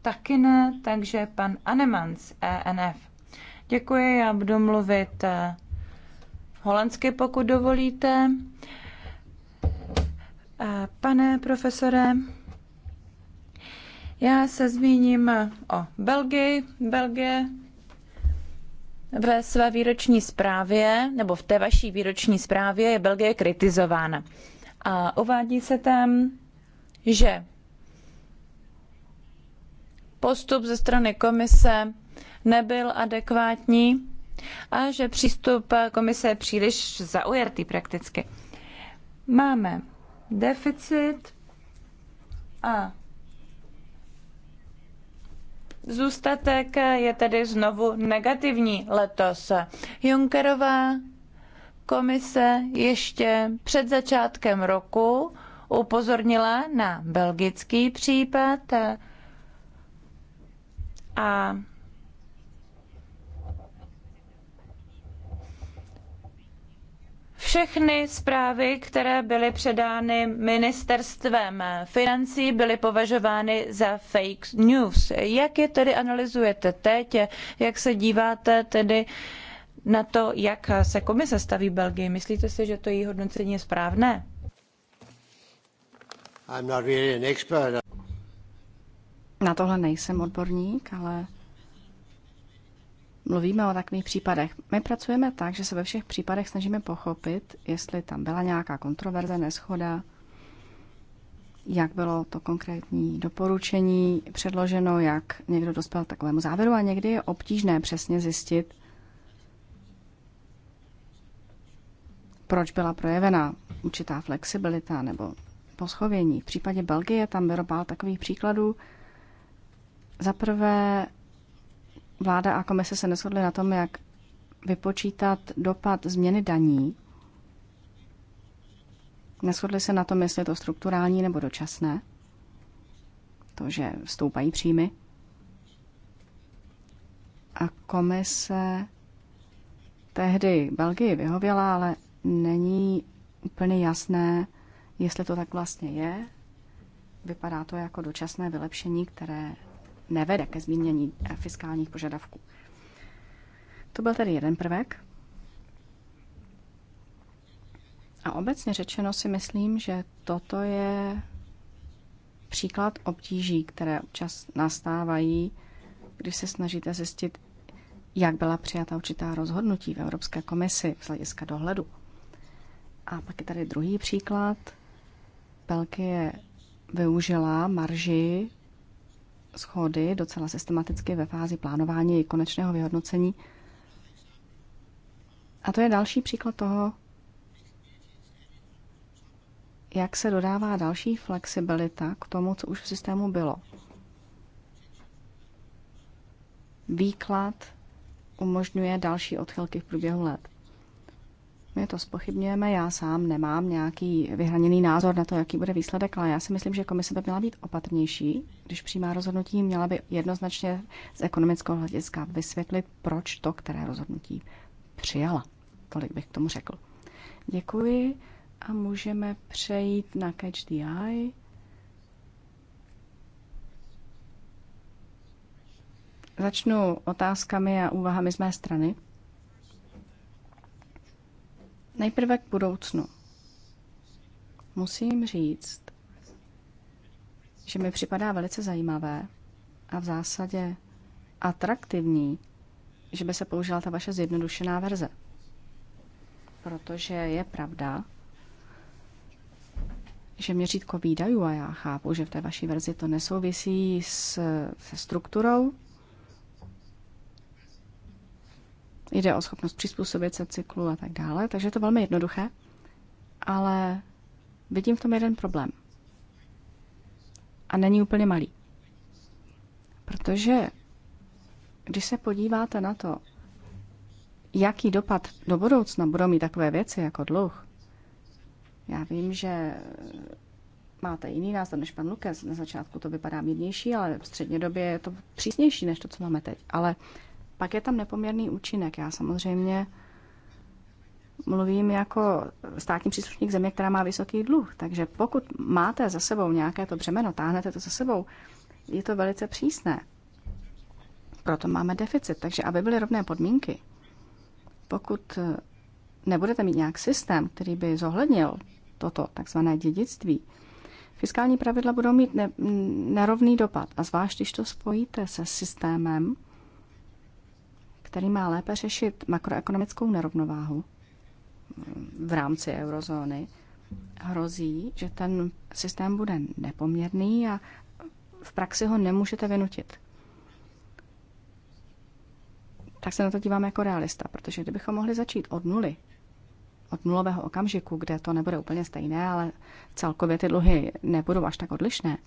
taky ne, takže pan Anemans, ENF. Děkuji, já budu mluvit holandsky, pokud dovolíte. A pane profesore, já se zmíním o Belgii. Belgie ve své výroční zprávě, nebo v té vaší výroční zprávě je Belgie kritizována. A uvádí se tam, že postup ze strany komise nebyl adekvátní a že přístup komise je příliš zaujatý prakticky. Máme deficit a zůstatek je tedy znovu negativní letos. Junkerová komise ještě před začátkem roku upozornila na belgický případ a Všechny zprávy, které byly předány ministerstvem financí, byly považovány za fake news. Jak je tedy analyzujete teď? Jak se díváte tedy na to, jak se komise staví Belgii? Myslíte si, že to její hodnocení je správné? Na tohle nejsem odborník, ale mluvíme o takových případech. My pracujeme tak, že se ve všech případech snažíme pochopit, jestli tam byla nějaká kontroverze, neschoda, jak bylo to konkrétní doporučení předloženo, jak někdo dospěl k takovému závěru a někdy je obtížné přesně zjistit, proč byla projevena určitá flexibilita nebo poschovění. V případě Belgie tam bylo pár takových příkladů. Za prvé Vláda a komise se neshodly na tom, jak vypočítat dopad změny daní. Neshodly se na tom, jestli je to strukturální nebo dočasné. To, že stoupají příjmy. A komise tehdy Belgii vyhověla, ale není úplně jasné, jestli to tak vlastně je. Vypadá to jako dočasné vylepšení, které nevede ke zmínění eh, fiskálních požadavků. To byl tedy jeden prvek. A obecně řečeno si myslím, že toto je příklad obtíží, které občas nastávají, když se snažíte zjistit, jak byla přijata určitá rozhodnutí v Evropské komisi z hlediska dohledu. A pak je tady druhý příklad. Belgie využila marži schody docela systematicky ve fázi plánování i konečného vyhodnocení. A to je další příklad toho, jak se dodává další flexibilita k tomu, co už v systému bylo. Výklad umožňuje další odchylky v průběhu let. My to spochybňujeme, já sám nemám nějaký vyhraněný názor na to, jaký bude výsledek, ale já si myslím, že komise by měla být opatrnější, když přijímá rozhodnutí, měla by jednoznačně z ekonomického hlediska vysvětlit, proč to, které rozhodnutí přijala. Tolik bych k tomu řekl. Děkuji a můžeme přejít na Catch the Eye. Začnu otázkami a úvahami z mé strany. Nejprve k budoucnu. Musím říct, že mi připadá velice zajímavé a v zásadě atraktivní, že by se použila ta vaše zjednodušená verze. Protože je pravda, že měřítko výdajů, a já chápu, že v té vaší verzi to nesouvisí s, se strukturou, Jde o schopnost přizpůsobit se cyklu a tak dále, takže je to velmi jednoduché, ale vidím v tom jeden problém. A není úplně malý. Protože když se podíváte na to, jaký dopad do budoucna budou mít takové věci jako dluh, já vím, že máte jiný názor než pan Lukes. Na začátku to vypadá mírnější, ale v střednědobě je to přísnější než to, co máme teď. Ale pak je tam nepoměrný účinek. Já samozřejmě mluvím jako státní příslušník země, která má vysoký dluh. Takže pokud máte za sebou nějaké to břemeno, táhnete to za sebou, je to velice přísné. Proto máme deficit. Takže aby byly rovné podmínky, pokud eh, nebudete mít nějak systém, který by zohlednil toto takzvané dědictví, fiskální pravidla budou mít ne- nerovný dopad. A zvlášť, když to spojíte se systémem, který má lépe řešit makroekonomickou nerovnováhu mm, v rámci eurozóny, hrozí, že ten systém bude nepoměrný a v praxi ho nemůžete vynutit. Tak se na to dívám jako realista, protože kdybychom mohli začít od nuly, od nulového okamžiku, kde to nebude úplně stejné, ale celkově ty dluhy nebudou až tak odlišné.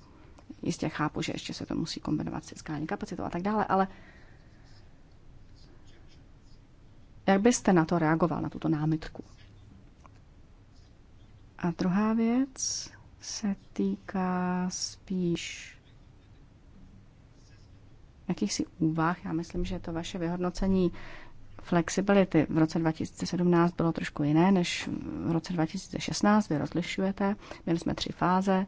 Jistě chápu, že ještě se to musí kombinovat s fiskální kapacitou a tak dále, ale Jak byste na to reagoval, na tuto námitku? A druhá věc se týká spíš jakýchsi úvah. Já myslím, že to vaše vyhodnocení flexibility v roce 2017 bylo trošku jiné než v roce 2016. Vy rozlišujete. Měli jsme tři fáze.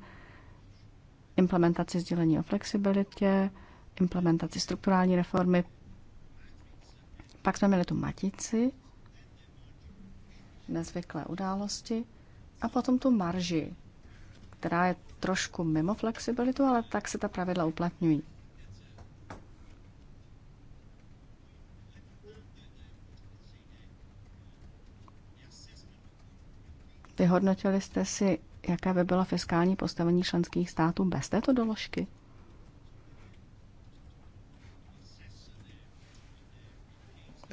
Implementaci sdělení o flexibilitě, implementaci strukturální reformy, pak jsme měli tu matici, nezvyklé události a potom tu marži, která je trošku mimo flexibilitu, ale tak se ta pravidla uplatňují. Vyhodnotili jste si, jaké by bylo fiskální postavení členských států bez této doložky?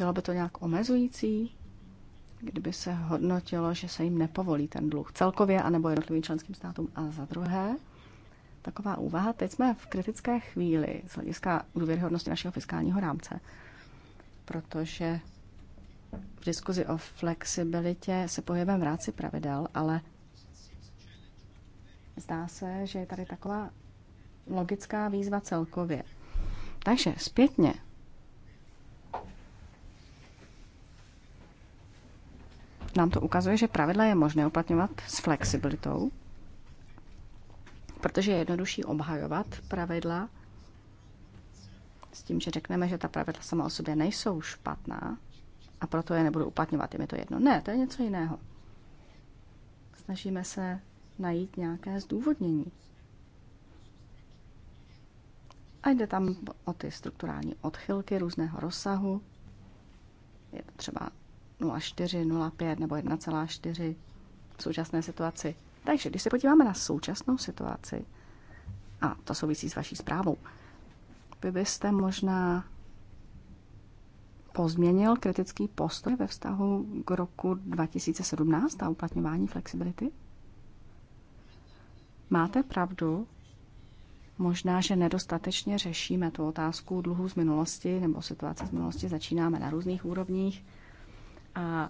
Bylo by to nějak omezující, kdyby se hodnotilo, že se jim nepovolí ten dluh celkově anebo jednotlivým členským státům. A za druhé, taková úvaha, teď jsme v kritické chvíli z hlediska důvěryhodnosti našeho fiskálního rámce, protože v diskuzi o flexibilitě se pohybem v ráci pravidel, ale zdá se, že je tady taková logická výzva celkově. Takže zpětně nám to ukazuje, že pravidla je možné uplatňovat s flexibilitou, protože je jednodušší obhajovat pravidla s tím, že řekneme, že ta pravidla sama o sobě nejsou špatná a proto je nebudu uplatňovat, je mi to jedno. Ne, to je něco jiného. Snažíme se najít nějaké zdůvodnění. A jde tam o ty strukturální odchylky různého rozsahu. Je to třeba 0,4, 0,5 nebo 1,4 v současné situaci. Takže když se podíváme na současnou situaci, a to souvisí s vaší zprávou, vy byste možná pozměnil kritický postoj ve vztahu k roku 2017 a uplatňování flexibility? Máte pravdu, možná, že nedostatečně řešíme tu otázku dluhu z minulosti nebo situace z minulosti, začínáme na různých úrovních a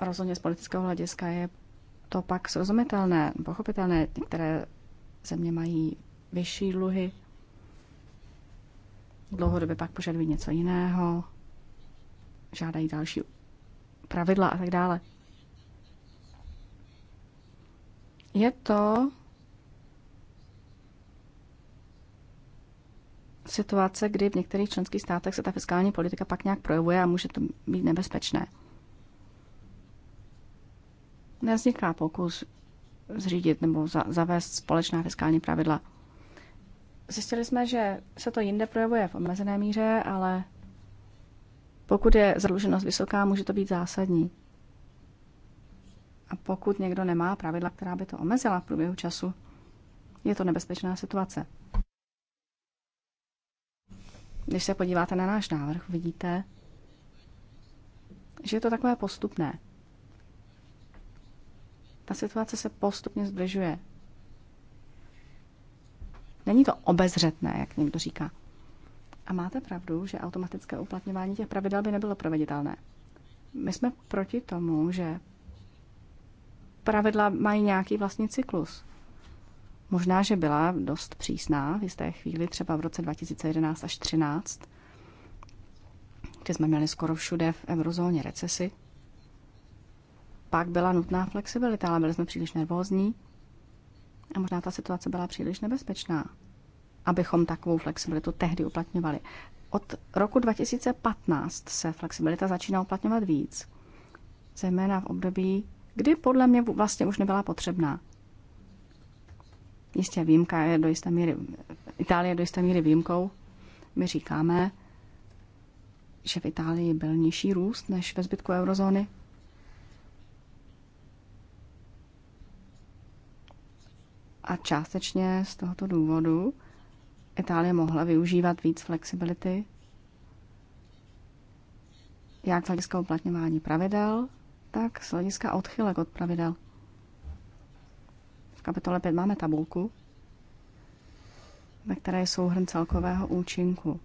rozhodně z politického hlediska je to pak srozumitelné, pochopitelné. které země mají vyšší dluhy, dlouhodobě pak požadují něco jiného, žádají další pravidla a tak dále. Je to situace, kdy v některých členských státech se ta fiskální politika pak nějak projevuje a může to být nebezpečné. Nevzniká pokus zřídit nebo za, zavést společná fiskální pravidla. Zjistili jsme, že se to jinde projevuje v omezené míře, ale pokud je zadluženost vysoká, může to být zásadní. A pokud někdo nemá pravidla, která by to omezila v průběhu času, je to nebezpečná situace. Když se podíváte na náš návrh, vidíte, že je to takové postupné. Ta situace se postupně zbližuje. Není to obezřetné, jak někdo říká. A máte pravdu, že automatické uplatňování těch pravidel by nebylo proveditelné. My jsme proti tomu, že pravidla mají nějaký vlastní cyklus. Možná, že byla dost přísná v jisté chvíli, třeba v roce 2011 až 2013, kde jsme měli skoro všude v eurozóně recesi. Pak byla nutná flexibilita, ale byli jsme příliš nervózní a možná ta situace byla příliš nebezpečná, abychom takovou flexibilitu tehdy uplatňovali. Od roku 2015 se flexibilita začíná uplatňovat víc, zejména v období, kdy podle mě vlastně už nebyla potřebná. Jistě výjimka je do jisté míry, Itálie je do jisté míry výjimkou. My říkáme, že v Itálii byl nižší růst než ve zbytku eurozóny. A částečně z tohoto důvodu Itálie mohla využívat víc flexibility, jak z hlediska uplatňování pravidel, tak z hlediska odchylek od pravidel kapitole 5 máme tabulku, ve které je souhrn celkového účinku.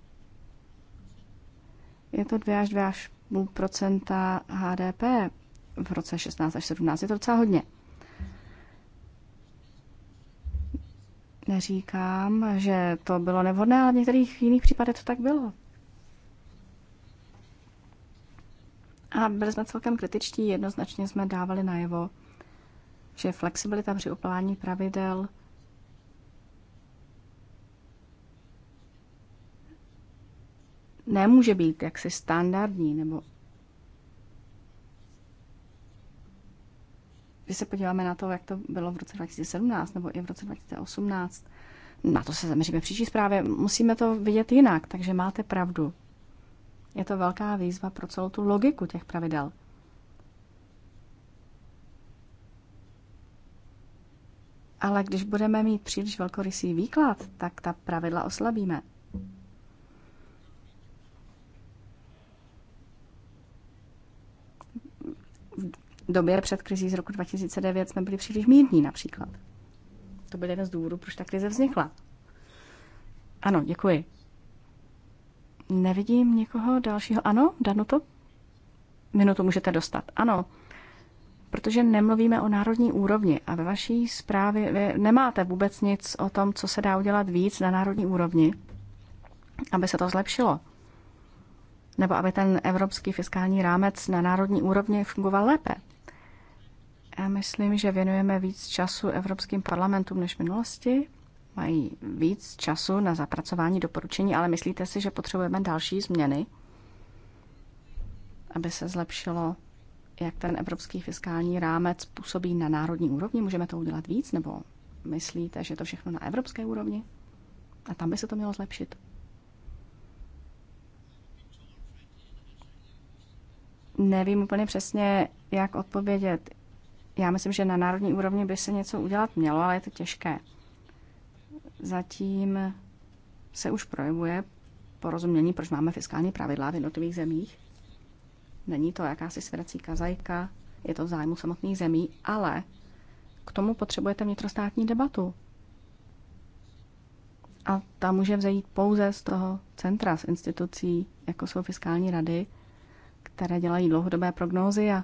Je to 2 až 2 až půl procenta HDP v roce 16 až 17. Je to docela hodně. Neříkám, že to bylo nevhodné, ale v některých jiných případech to tak bylo. A byli jsme celkem kritičtí, jednoznačně jsme dávali najevo, že flexibilita při uplání pravidel nemůže být jaksi standardní, nebo když se podíváme na to, jak to bylo v roce 2017 nebo i v roce 2018, na to se zaměříme v příští zprávě, musíme to vidět jinak, takže máte pravdu. Je to velká výzva pro celou tu logiku těch pravidel. Ale když budeme mít příliš velkorysý výklad, tak ta pravidla oslabíme. V době před krizí z roku 2009 jsme byli příliš mírní například. To byl jeden z důvodů, proč ta krize vznikla. Ano, děkuji. Nevidím nikoho dalšího. Ano, Danuto? to? Minutu můžete dostat. Ano protože nemluvíme o národní úrovni a ve vaší zprávě vy nemáte vůbec nic o tom, co se dá udělat víc na národní úrovni, aby se to zlepšilo. Nebo aby ten evropský fiskální rámec na národní úrovni fungoval lépe. Já myslím, že věnujeme víc času evropským parlamentům než v minulosti. Mají víc času na zapracování doporučení, ale myslíte si, že potřebujeme další změny, aby se zlepšilo jak ten evropský fiskální rámec působí na národní úrovni? Můžeme to udělat víc? Nebo myslíte, že to všechno na evropské úrovni? A tam by se to mělo zlepšit? Nevím úplně přesně, jak odpovědět. Já myslím, že na národní úrovni by se něco udělat mělo, ale je to těžké. Zatím se už projevuje porozumění, proč máme fiskální pravidla v jednotlivých zemích. Není to jakási svědací kazajka, je to v zájmu samotných zemí, ale k tomu potřebujete vnitrostátní debatu. A ta může vzejít pouze z toho centra, z institucí, jako jsou fiskální rady, které dělají dlouhodobé prognózy a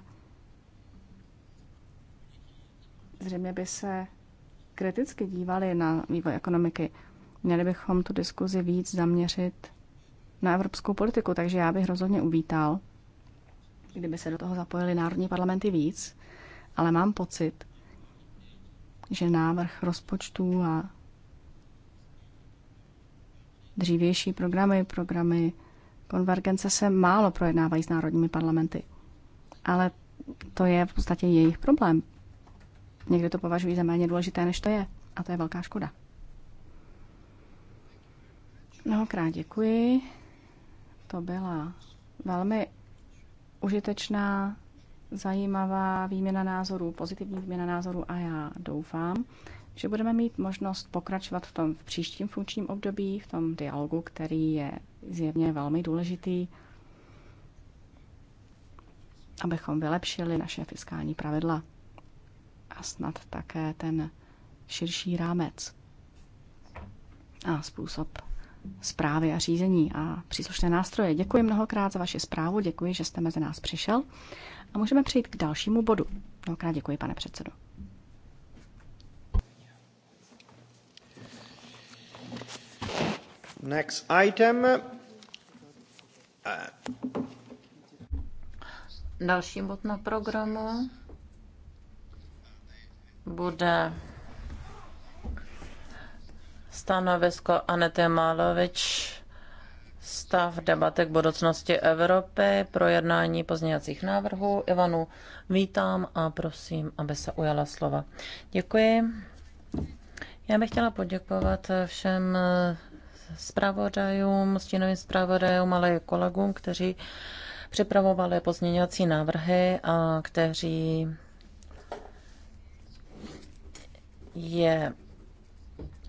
zřejmě by se kriticky dívali na vývoj ekonomiky. Měli bychom tu diskuzi víc zaměřit na evropskou politiku, takže já bych rozhodně uvítal, kdyby se do toho zapojili národní parlamenty víc, ale mám pocit, že návrh rozpočtů a dřívější programy, programy konvergence se málo projednávají s národními parlamenty. Ale to je v podstatě jejich problém. Někdy to považují za méně důležité, než to je. A to je velká škoda. Mnohokrát děkuji. To byla velmi užitečná, zajímavá výměna názorů, pozitivní výměna názorů a já doufám, že budeme mít možnost pokračovat v tom v příštím funkčním období, v tom dialogu, který je zjevně velmi důležitý, abychom vylepšili naše fiskální pravidla a snad také ten širší rámec a způsob zprávy a řízení a příslušné nástroje. Děkuji mnohokrát za vaši zprávu, děkuji, že jste mezi nás přišel a můžeme přejít k dalšímu bodu. Mnohokrát děkuji, pane předsedo. Next item. Uh, Další bod na programu bude Stanovisko Anety Málovič stav debaty k budoucnosti Evropy, projednání pozměňovacích návrhů. Ivanu vítám a prosím, aby se ujala slova. Děkuji. Já bych chtěla poděkovat všem zpravodajům, stínovým zpravodajům, ale i kolegům, kteří připravovali pozměňovací návrhy a kteří je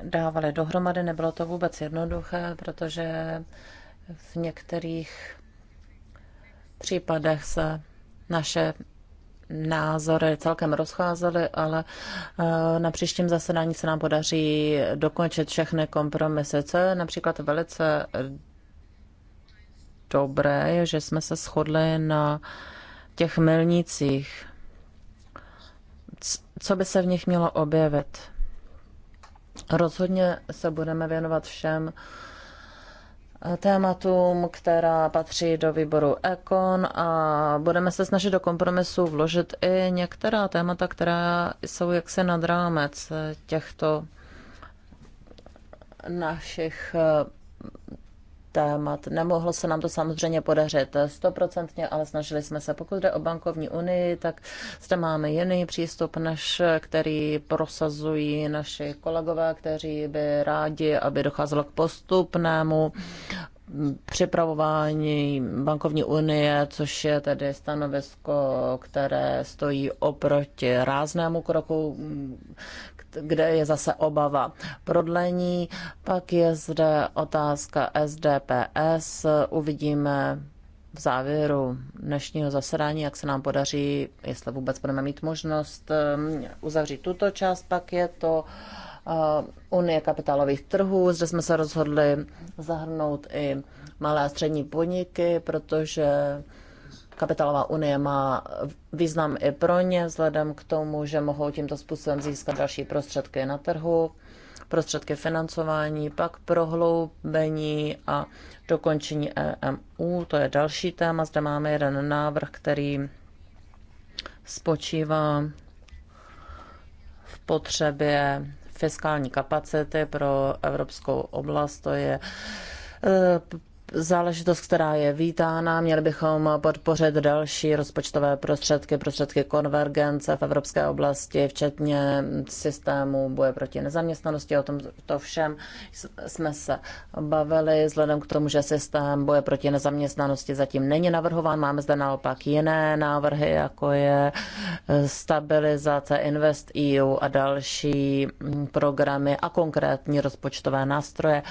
dávali dohromady. Nebylo to vůbec jednoduché, protože v některých případech se naše názory celkem rozcházely, ale eh, na příštím zasedání se nám podaří dokončit všechny kompromisy. Co je například velice dobré, je, že jsme se shodli na těch milnících Co by se v nich mělo objevit? Rozhodně se budeme věnovat všem eh, tématům, která patří do výboru Ekon a budeme se snažit do kompromisu vložit i některá témata, která jsou jaksi nad rámec eh, těchto našich eh, témat. Nemohlo se nám to samozřejmě podařit stoprocentně, ale snažili jsme se. Pokud jde o bankovní unii, tak zde máme jiný přístup, než který prosazují naši kolegové, kteří by rádi, aby docházelo k postupnému připravování bankovní unie, což je tedy stanovisko, které stojí oproti ráznému kroku, kde je zase obava prodlení. Pak je zde otázka SDPS. Uvidíme v závěru dnešního zasedání, jak se nám podaří, jestli vůbec budeme mít možnost um, uzavřít tuto část, pak je to uh, Unie kapitálových trhů, zde jsme se rozhodli zahrnout i malé a střední podniky, protože Kapitálová unie má význam i pro ně, vzhledem k tomu, že mohou tímto způsobem získat další prostředky na trhu, prostředky financování, pak prohloubení a dokončení EMU. To je další téma. Zde máme jeden návrh, který spočívá v potřebě fiskální kapacity pro evropskou oblast. To je eh, záležitost, která je vítána. Měli bychom podpořit další rozpočtové prostředky, prostředky konvergence v evropské oblasti, včetně systému boje proti nezaměstnanosti. O tom to všem jsme se bavili, vzhledem k tomu, že systém boje proti nezaměstnanosti zatím není navrhován. Máme zde naopak jiné návrhy, jako je stabilizace Invest EU a další programy a konkrétní rozpočtové nástroje.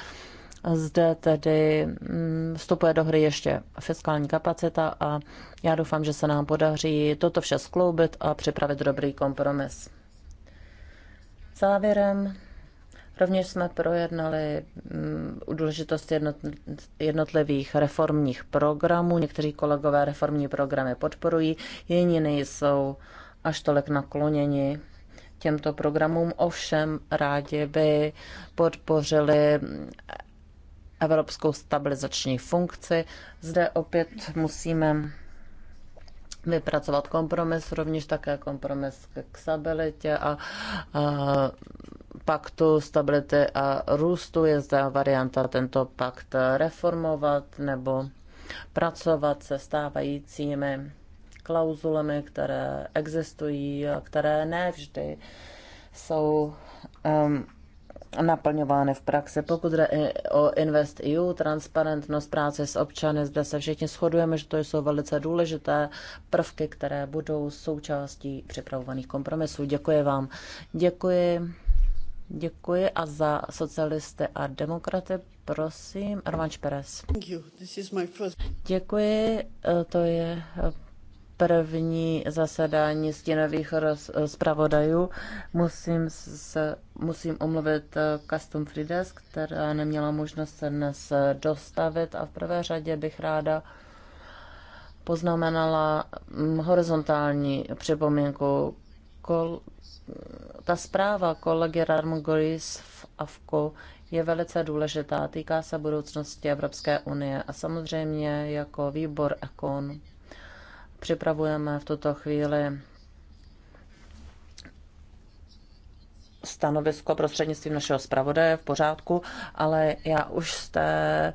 Zde tedy mm, vstupuje do hry ještě fiskální kapacita a já doufám, že se nám podaří toto vše skloubit a připravit dobrý kompromis. Závěrem Rovněž jsme projednali mm, důležitost jednotlivých reformních programů. Někteří kolegové reformní programy podporují, jiní nejsou až tolik nakloněni těmto programům. Ovšem rádi by podpořili evropskou stabilizační funkci. Zde opět musíme vypracovat kompromis, rovněž také kompromis k stabilitě a, a paktu stability a růstu. Je zde varianta tento pakt reformovat nebo pracovat se stávajícími klauzulemi, které existují a které ne vždy jsou um, naplňovány v praxi. Pokud jde o Invest EU, transparentnost práce s občany, zde se všichni shodujeme, že to jsou velice důležité prvky, které budou součástí připravovaných kompromisů. Děkuji vám. Děkuji. Děkuji a za socialisty a demokraty prosím Armanč Perez. Děkuji, to je první zasedání stěnových zpravodajů. Musím, se, musím omluvit eh, Custom Frides, která neměla možnost se dnes eh, dostavit a v prvé řadě bych ráda poznamenala mm, horizontální připomínku. Kol, ta zpráva kolegy Radmugoris v Avku je velice důležitá, týká se budoucnosti Evropské unie a samozřejmě jako výbor EKON Připravujeme v tuto chvíli stanovisko prostřednictvím našeho zpravodaje v pořádku, ale já už z té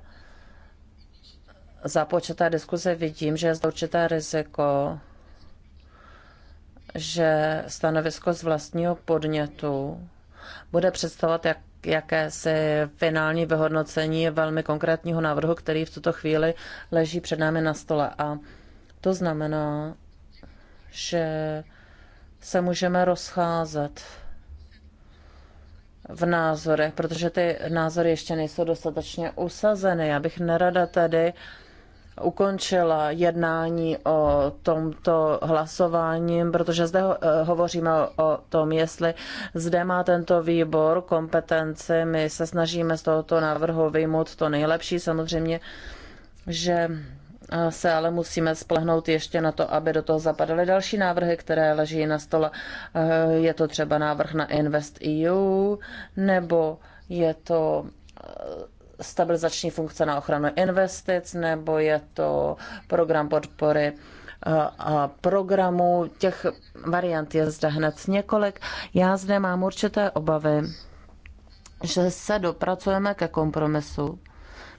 započaté diskuze vidím, že je zde určité riziko, že stanovisko z vlastního podnětu bude představovat jak, jakési finální vyhodnocení velmi konkrétního návrhu, který v tuto chvíli leží před námi na stole. A to znamená, že se můžeme rozcházet v názorech, protože ty názory ještě nejsou dostatečně usazeny. Já bych nerada tady ukončila jednání o tomto hlasováním, protože zde eh, hovoříme o tom, jestli zde má tento výbor kompetenci. My se snažíme z tohoto návrhu vyjmout to nejlepší. Samozřejmě, že se ale musíme spolehnout ještě na to, aby do toho zapadaly další návrhy, které leží na stole. Eh, je to třeba návrh na Invest EU, nebo je to eh, stabilizační funkce na ochranu investic, nebo je to program podpory eh, programu Těch variant je zde hned několik. Já zde mám určité obavy, že se dopracujeme ke kompromisu,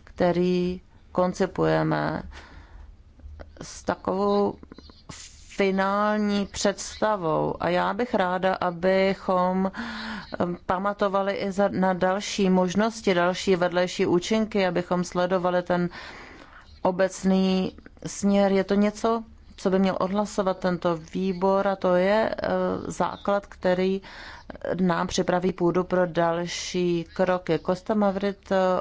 který koncipujeme s takovou finální představou. A já bych ráda, abychom um, pamatovali i na další možnosti, další vedlejší účinky, abychom sledovali ten obecný směr. Je to něco, co by měl odhlasovat tento výbor a to je uh, základ, který uh, nám připraví půdu pro další kroky. Kosta Mavrit uh,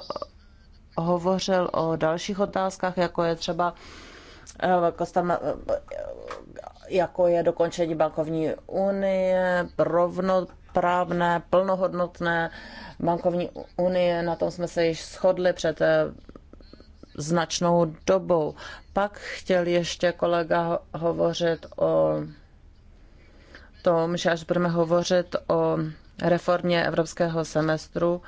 hovořil o dalších otázkách, jako je třeba Eh, jako, eh, jako je dokončení bankovní unie, rovnoprávné plnohodnotné bankovní unie, na tom jsme se již shodli před eh, značnou dobou. Pak chtěl ještě kolega hovořit o tom, že až budeme hovořit o reformě evropského semestru,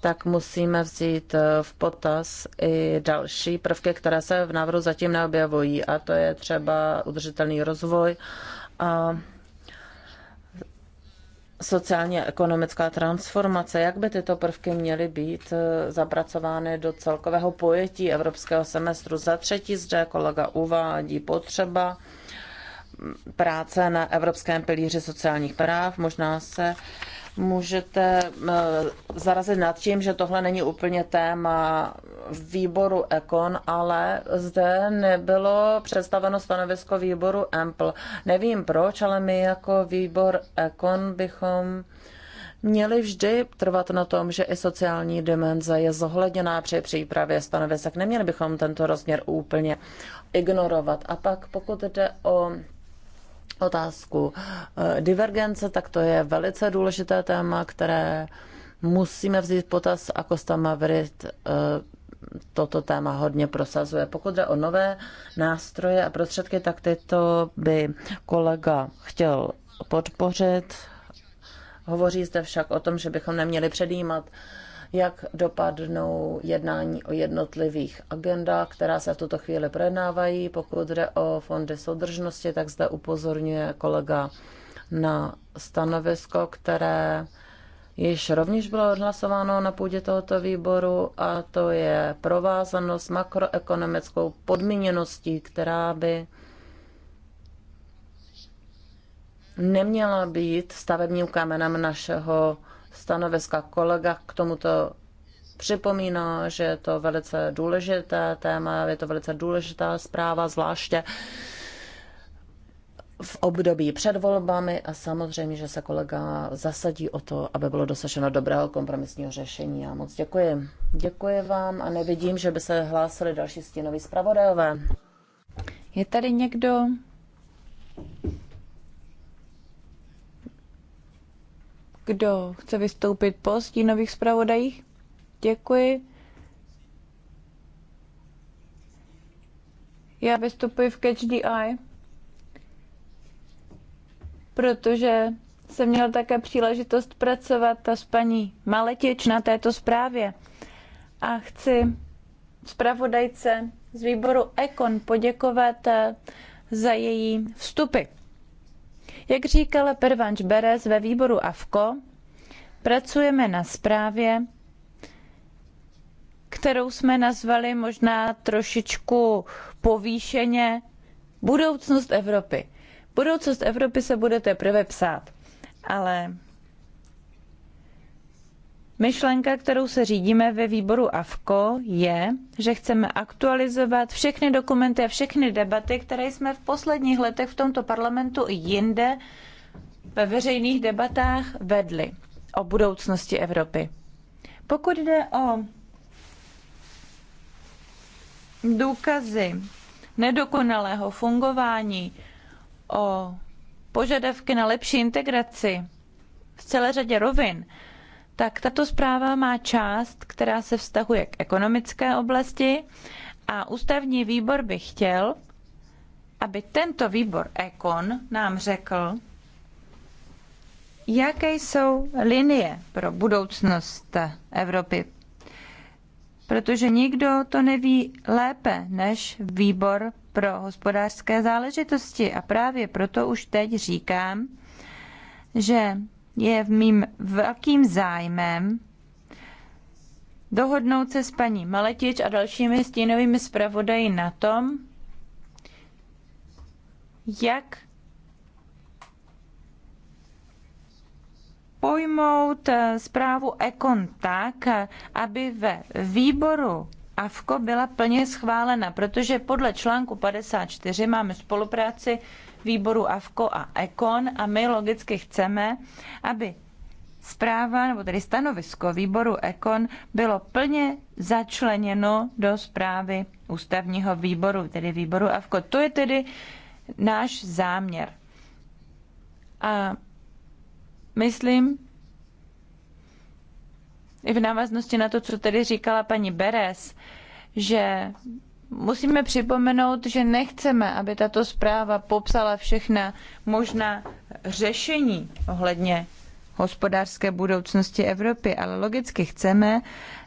tak musíme vzít eh, v potaz i další prvky, které se v návrhu zatím neobjevují, a to je třeba udržitelný rozvoj a sociálně ekonomická transformace. Jak by tyto prvky měly být eh, zapracovány do celkového pojetí evropského semestru? Za třetí zde kolega uvádí potřeba mm, práce na Evropském pilíři sociálních práv. Možná se můžete eh, zarazit nad tím, že tohle není úplně téma výboru Ekon, ale zde nebylo představeno stanovisko výboru EMPL. Nevím proč, ale my jako výbor Ekon bychom měli vždy trvat na tom, že i sociální dimenze je zohledněná při přípravě stanovisek. Neměli bychom tento rozměr úplně ignorovat. A pak pokud jde o otázku eh, divergence, tak to je velice důležité téma, které musíme vzít potaz a Costa Mavrit eh, toto téma hodně prosazuje. Pokud jde o nové nástroje a prostředky, tak tyto by kolega chtěl podpořit. Hovoří zde však o tom, že bychom neměli předjímat uh, jak dopadnou jednání o jednotlivých agendách, která se v tuto chvíli projednávají. Pokud jde o fondy soudržnosti, tak zde upozorňuje kolega na stanovisko, které již rovněž bylo odhlasováno na půdě tohoto výboru a to je provázanost makroekonomickou podmíněností, která by neměla být stavebním kamenem našeho stanoviska kolega k tomuto připomíná, že je to velice důležité téma, je to velice důležitá zpráva, zvláště v období před volbami a samozřejmě, že se kolega zasadí o to, aby bylo dosaženo dobrého kompromisního řešení. Já moc děkuji. Děkuji vám a nevidím, že by se hlásili další stínoví zpravodajové. Je tady někdo, Kdo chce vystoupit po stínových zpravodajích? Děkuji. Já vystupuji v Catch the Eye, protože jsem měl také příležitost pracovat s paní Maletič na této zprávě. A chci zpravodajce z výboru Ekon poděkovat za její vstupy. Jak říkala Pervanč Beres ve výboru AFKO, pracujeme na zprávě, kterou jsme nazvali možná trošičku povýšeně Budoucnost Evropy. Budoucnost Evropy se bude teprve psát, ale Myšlenka, kterou se řídíme ve výboru AFKO, je, že chceme aktualizovat všechny dokumenty a všechny debaty, které jsme v posledních letech v tomto parlamentu i jinde ve veřejných debatách vedli o budoucnosti Evropy. Pokud jde o důkazy nedokonalého fungování, o požadavky na lepší integraci v celé řadě rovin, tak tato zpráva má část, která se vztahuje k ekonomické oblasti a ústavní výbor by chtěl, aby tento výbor Ekon nám řekl, jaké jsou linie pro budoucnost Evropy. Protože nikdo to neví lépe než výbor pro hospodářské záležitosti. A právě proto už teď říkám, že je v mým velkým zájmem dohodnout se s paní Maletič a dalšími stínovými zpravodaji na tom, jak pojmout eh, zprávu Ekon tak, aby ve výboru AFKO byla plně schválena, protože podle článku 54 máme spolupráci výboru AVKO a EKON a my logicky chceme, aby zpráva nebo tedy stanovisko výboru EKON bylo plně začleněno do zprávy ústavního výboru, tedy výboru AVKO. To je tedy náš záměr. A myslím, i v návaznosti na to, co tedy říkala paní Beres, že Musíme připomenout, že nechceme, aby tato zpráva popsala všechna možná řešení ohledně hospodářské budoucnosti Evropy, ale logicky chceme,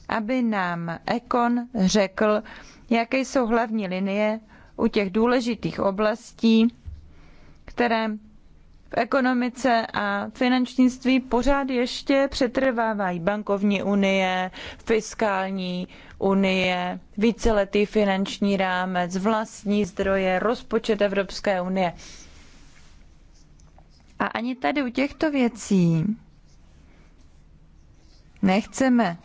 aby nám Ekon řekl, jaké jsou hlavní linie u těch důležitých oblastí, které v ekonomice a finančnictví pořád ještě přetrvávají bankovní unie, fiskální unie, víceletý finanční rámec, vlastní zdroje, rozpočet Evropské unie. A ani tady u těchto věcí nechceme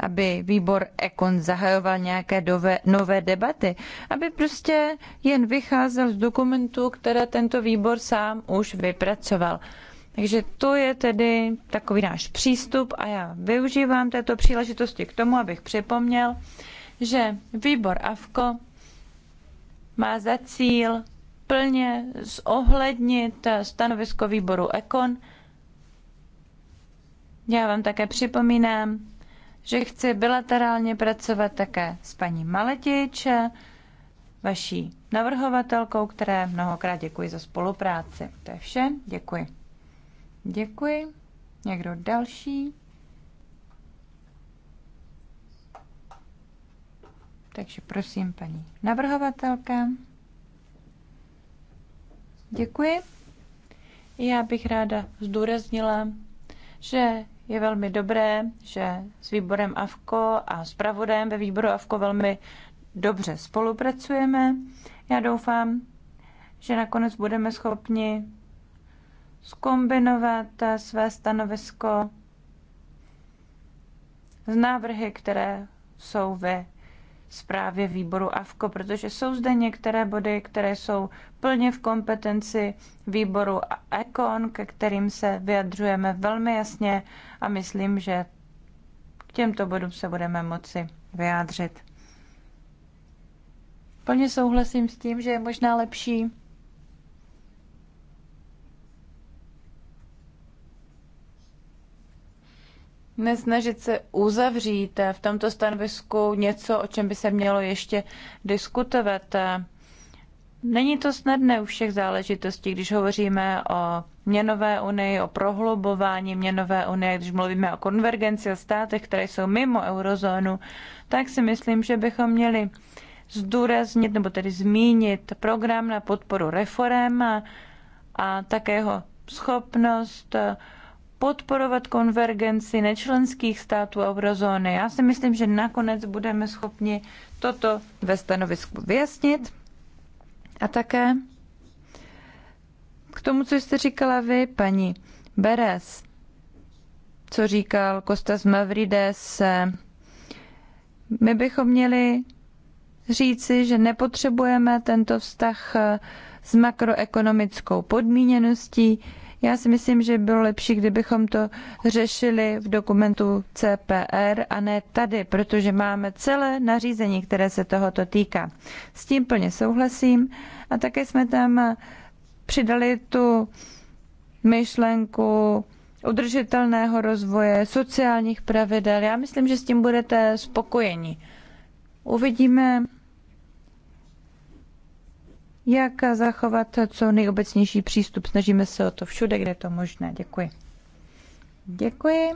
aby výbor Ekon zahajoval nějaké dove, nové debaty, aby prostě jen vycházel z dokumentů, které tento výbor sám už vypracoval. Takže to je tedy takový náš přístup a já využívám této příležitosti k tomu, abych připomněl, že výbor AFKO má za cíl plně zohlednit stanovisko výboru Ekon. Já vám také připomínám, že chci bilaterálně pracovat také s paní Maletič, vaší navrhovatelkou, které mnohokrát děkuji za spolupráci. To je vše, děkuji. Děkuji. Někdo další? Takže prosím, paní navrhovatelka. Děkuji. Já bych ráda zdůraznila, že je velmi dobré, že s výborem AVKO a s pravodem ve výboru AVKO velmi dobře spolupracujeme. Já doufám, že nakonec budeme schopni skombinovat své stanovisko z návrhy, které jsou ve zprávě výboru AFKO, protože jsou zde některé body, které jsou plně v kompetenci výboru EKON, ke kterým se vyjadřujeme velmi jasně a myslím, že k těmto bodům se budeme moci vyjádřit. Plně souhlasím s tím, že je možná lepší nesnažit se uzavřít eh, v tomto stanovisku něco, o čem by se mělo ještě diskutovat. Není to snadné u všech záležitostí, když hovoříme o měnové unii, o prohlubování měnové unie, když mluvíme o konvergenci o státech, které jsou mimo eurozónu, tak si myslím, že bychom měli zdůraznit nebo tedy zmínit program na podporu reforem a, a také jeho schopnost podporovat konvergenci nečlenských států a eurozóny. Já si myslím, že nakonec budeme schopni toto ve stanovisku vyjasnit. A také k tomu, co jste říkala vy, paní Beres, co říkal Kostas Mavrides, my bychom měli říci, že nepotřebujeme tento vztah s makroekonomickou podmíněností, já si myslím, že bylo lepší, kdybychom to řešili v dokumentu CPR a ne tady, protože máme celé nařízení, které se tohoto týká. S tím plně souhlasím a také jsme tam přidali tu myšlenku udržitelného rozvoje, sociálních pravidel. Já myslím, že s tím budete spokojeni. Uvidíme, jak zachovat co nejobecnější přístup. Snažíme se o to všude, kde je to možné. Děkuji. Děkuji.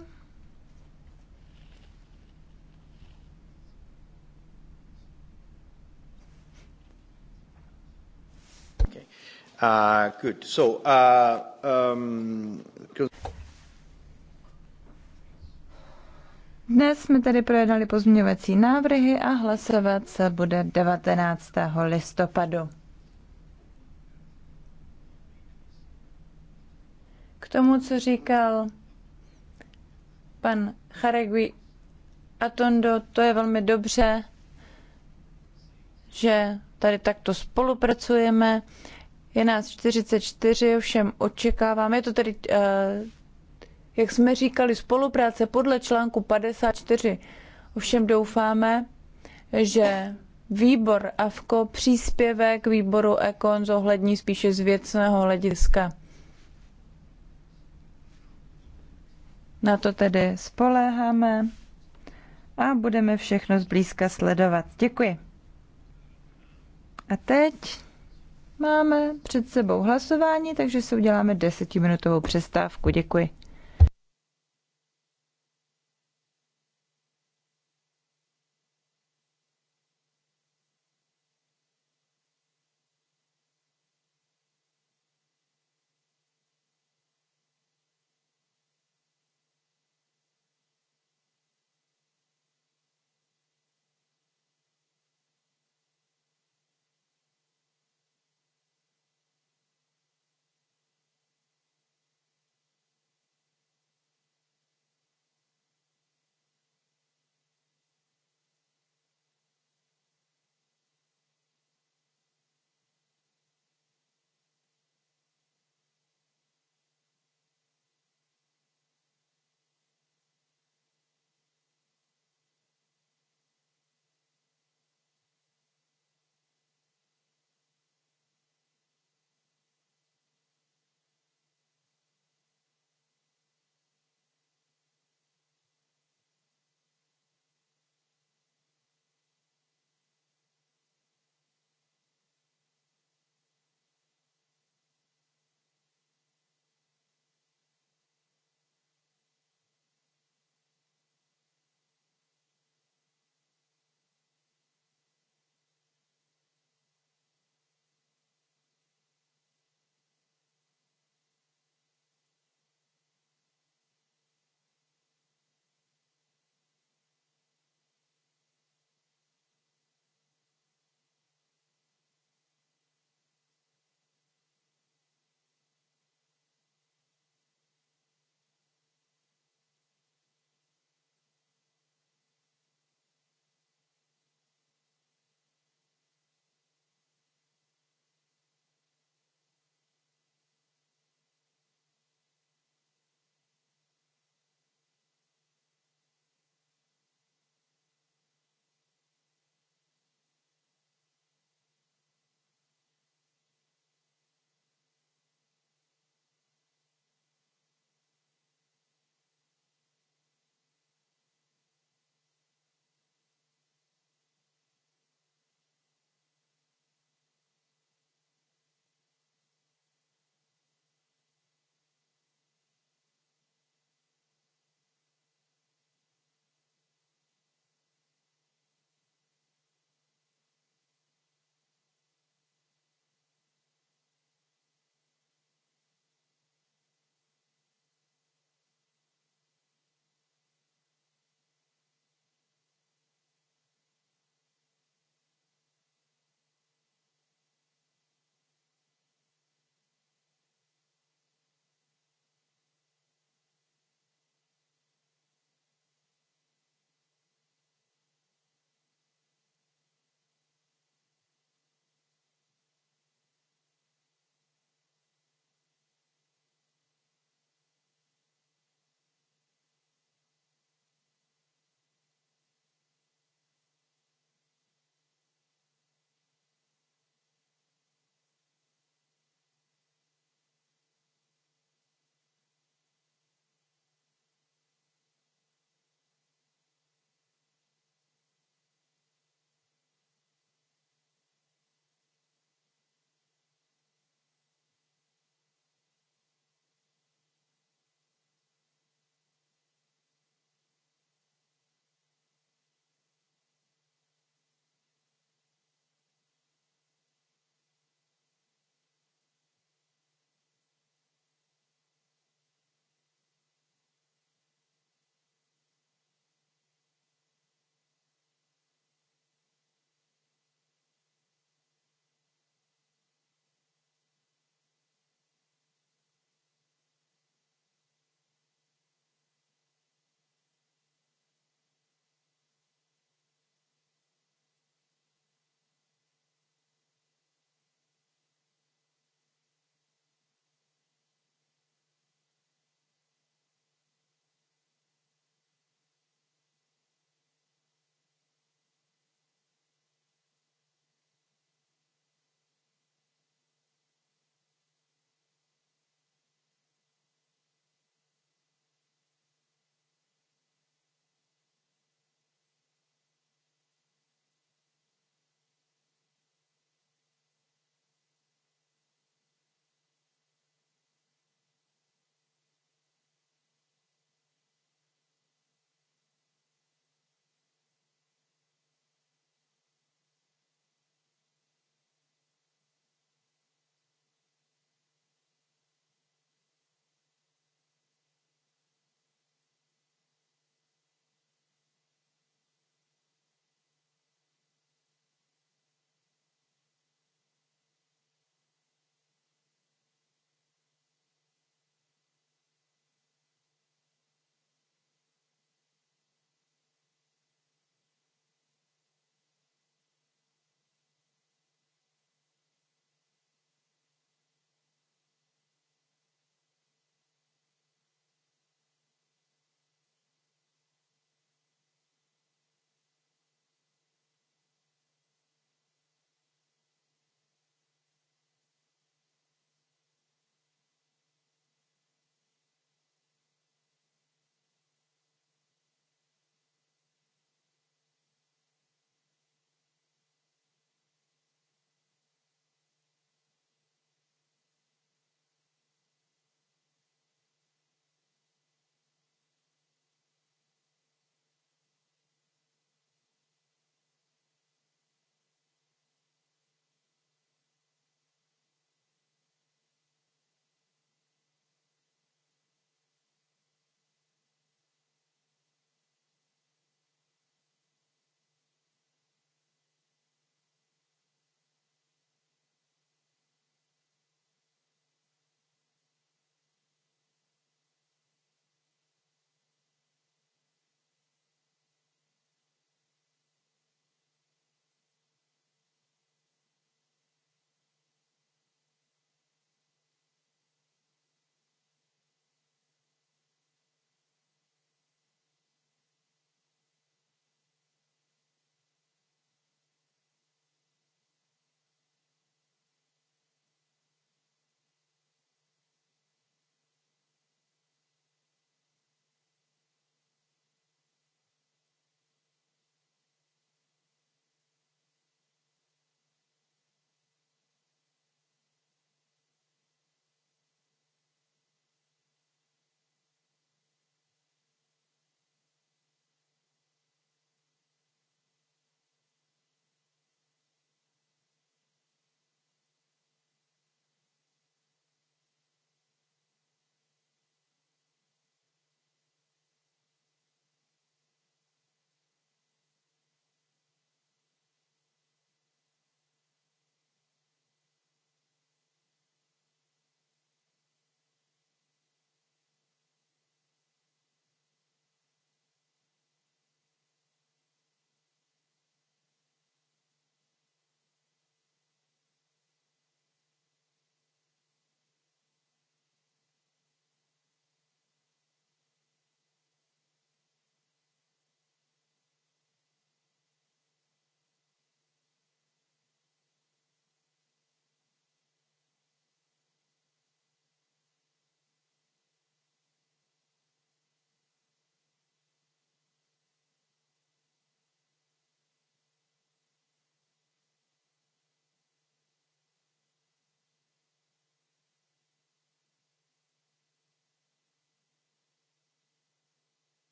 Okay. Uh, good. So, uh, um... Dnes jsme tedy projednali pozměňovací návrhy a hlasovat se bude 19. listopadu. K tomu, co říkal pan Charegui Atondo, to je velmi dobře, že tady takto spolupracujeme. Je nás 44, ovšem očekávám. Je to tedy, eh, jak jsme říkali, spolupráce podle článku 54. Ovšem doufáme, že výbor AFKO příspěvek výboru EKON zohlední spíše z věcného hlediska. Na to tedy spoléháme a budeme všechno zblízka sledovat. Děkuji. A teď máme před sebou hlasování, takže si uděláme desetiminutovou přestávku. Děkuji.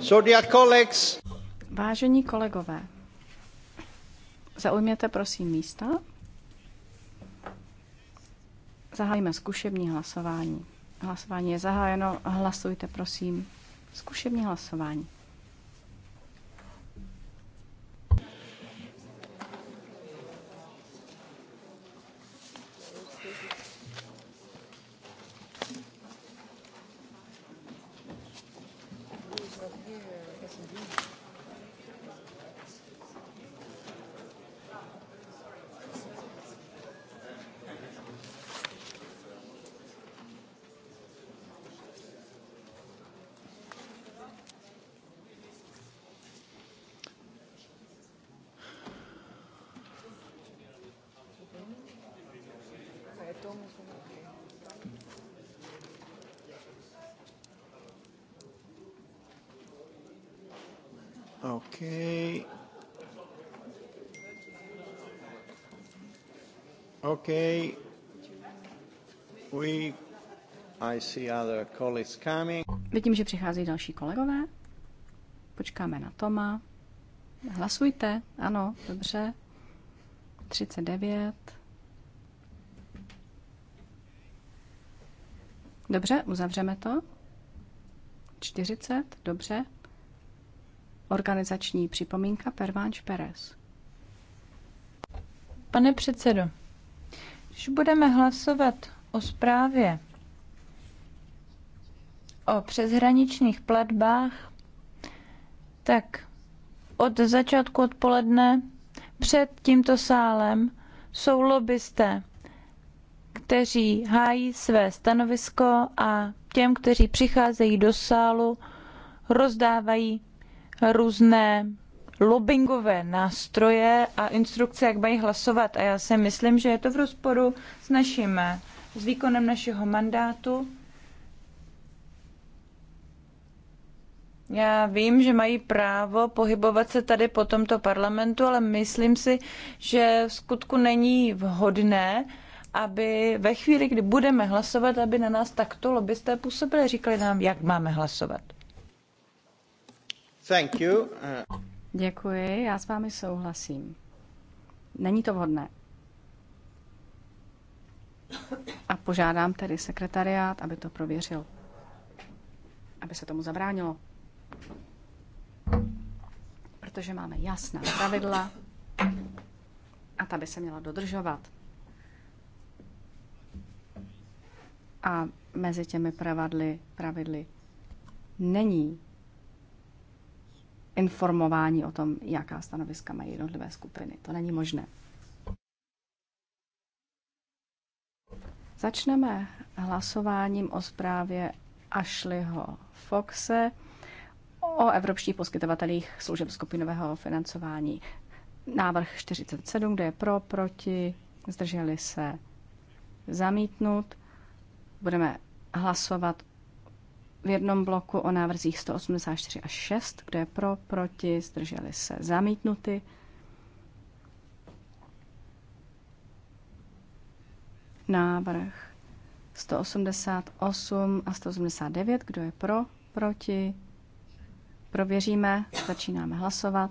So dear colleagues. Vážení kolegové, zaujměte prosím místa. Zahájíme zkušební hlasování. Hlasování je zahájeno, hlasujte prosím. Zkušební hlasování. Okay. We, I see other colleagues coming. Vidím, že přichází další kolegové. Počkáme na Toma. Hlasujte. Ano, dobře. 39. Dobře, uzavřeme to. 40, dobře. Organizační připomínka Pervánč Perez. Pane předsedo, když budeme hlasovat o zprávě o přeshraničních platbách, tak od začátku odpoledne před tímto sálem jsou lobbysté, kteří hájí své stanovisko a těm, kteří přicházejí do sálu, rozdávají různé lobbyingové nástroje a instrukce, jak mají hlasovat. A já si myslím, že je to v rozporu s naším, s výkonem našeho mandátu. Já vím, že mají právo pohybovat se tady po tomto parlamentu, ale myslím si, že v skutku není vhodné, aby ve chvíli, kdy budeme hlasovat, aby na nás takto lobbysté působili, říkali nám, jak máme hlasovat. Thank you. Uh... Děkuji, já s vámi souhlasím. Není to vhodné. A požádám tedy sekretariát, aby to prověřil. Aby se tomu zabránilo. Protože máme jasná pravidla a ta by se měla dodržovat. A mezi těmi pravidly, pravidly není informováni o tom, jaká stanoviska mají jednotlivé skupiny. To není možné. Začneme hlasováním o zprávě Ashleyho Foxe o evropských poskytovatelích služeb skupinového financování. Návrh 47, kde je pro, proti, zdrželi se zamítnut. Budeme hlasovat v jednom bloku o návrzích 184 až 6, kde je pro, proti, zdrželi se zamítnuty. Návrh 188 a 189, kdo je pro, proti, prověříme, začínáme hlasovat.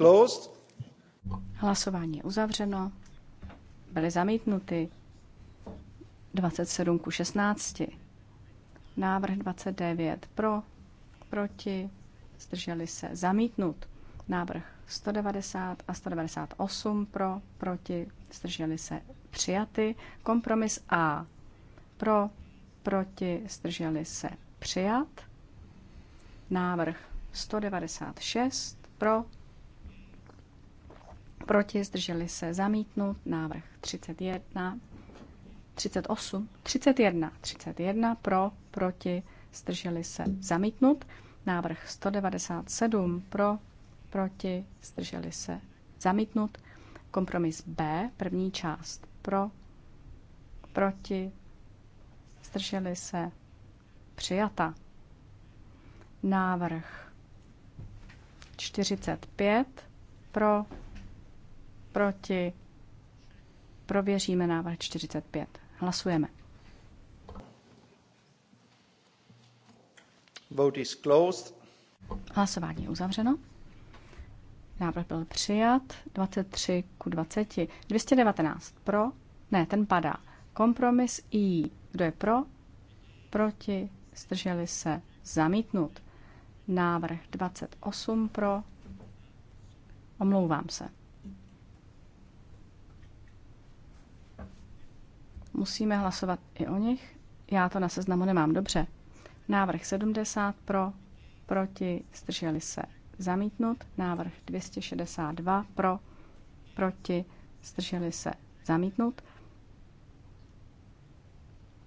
closed. Hlasování je uzavřeno. Byly zamítnuty 27 ku 16. Návrh 29 pro, proti, zdrželi se zamítnut. Návrh 190 a 198 pro, proti, zdrželi se přijaty. Kompromis A pro, proti, zdrželi se přijat. Návrh 196 pro, proti, zdrželi se zamítnout, návrh 31, 38, 31, 31 pro, proti, zdrželi se zamítnut návrh 197 pro, proti, zdrželi se zamítnut kompromis B, první část pro, proti, zdrželi se přijata. Návrh 45 pro, Proti? Prověříme návrh 45. Hlasujeme. Vote is closed. Hlasování je uzavřeno. Návrh byl přijat 23 ku 20. 219 pro, ne, ten padá. Kompromis I. Kdo je pro? Proti? Zdrželi se? Zamítnut. Návrh 28 pro. Omlouvám se. Musíme hlasovat i o nich. Já to na seznamu nemám dobře. Návrh 70 pro, proti, zdrželi se zamítnut. Návrh 262 pro, proti, zdrželi se zamítnut.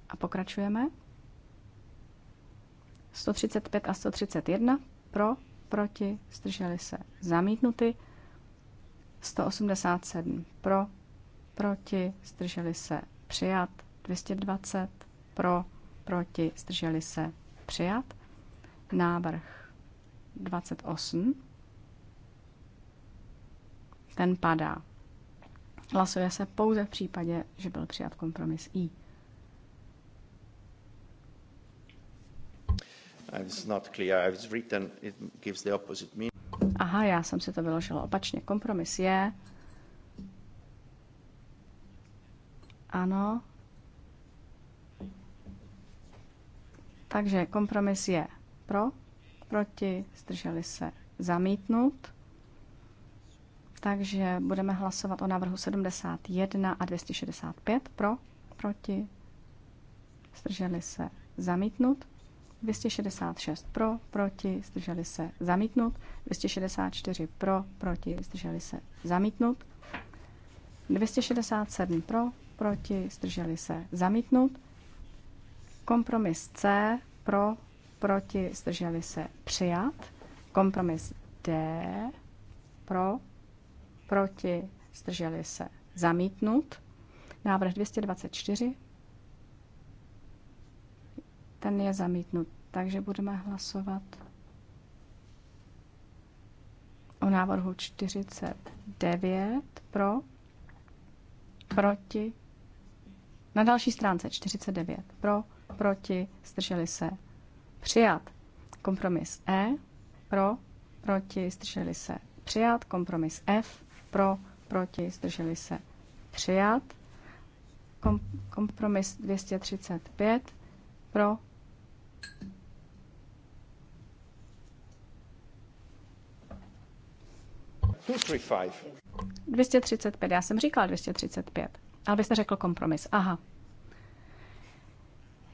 A pokračujeme. 135 a 131 pro, proti, zdrželi se zamítnuty. 187 pro, proti, zdrželi se přijat. 220 pro, proti, zdrželi se, přijat. Návrh 28. Ten padá. Hlasuje se pouze v případě, že byl přijat kompromis I. Aha, já jsem si to vyložila opačně. Kompromis je Ano. Takže kompromis je pro, proti, zdrželi se zamítnout. Takže budeme hlasovat o návrhu 71 a 265 pro, proti, zdrželi se zamítnout. 266 pro, proti, zdrželi se zamítnout. 264 pro, proti, zdrželi se zamítnout. 267 pro, proti, zdrželi se, zamítnut. Kompromis C, pro, proti, zdrželi se, přijat. Kompromis D, pro, proti, zdrželi se, zamítnut. Návrh 224, ten je zamítnut, takže budeme hlasovat o návrhu 49 pro, proti, na další stránce 49 pro, proti, zdrželi se. Přijat. Kompromis E pro, proti, zdrželi se. Přijat. Kompromis F pro, proti, zdrželi se. Přijat. Kom- kompromis 235 pro, Two, three, 235. Já jsem říkala 235. Ale byste řekl kompromis. Aha.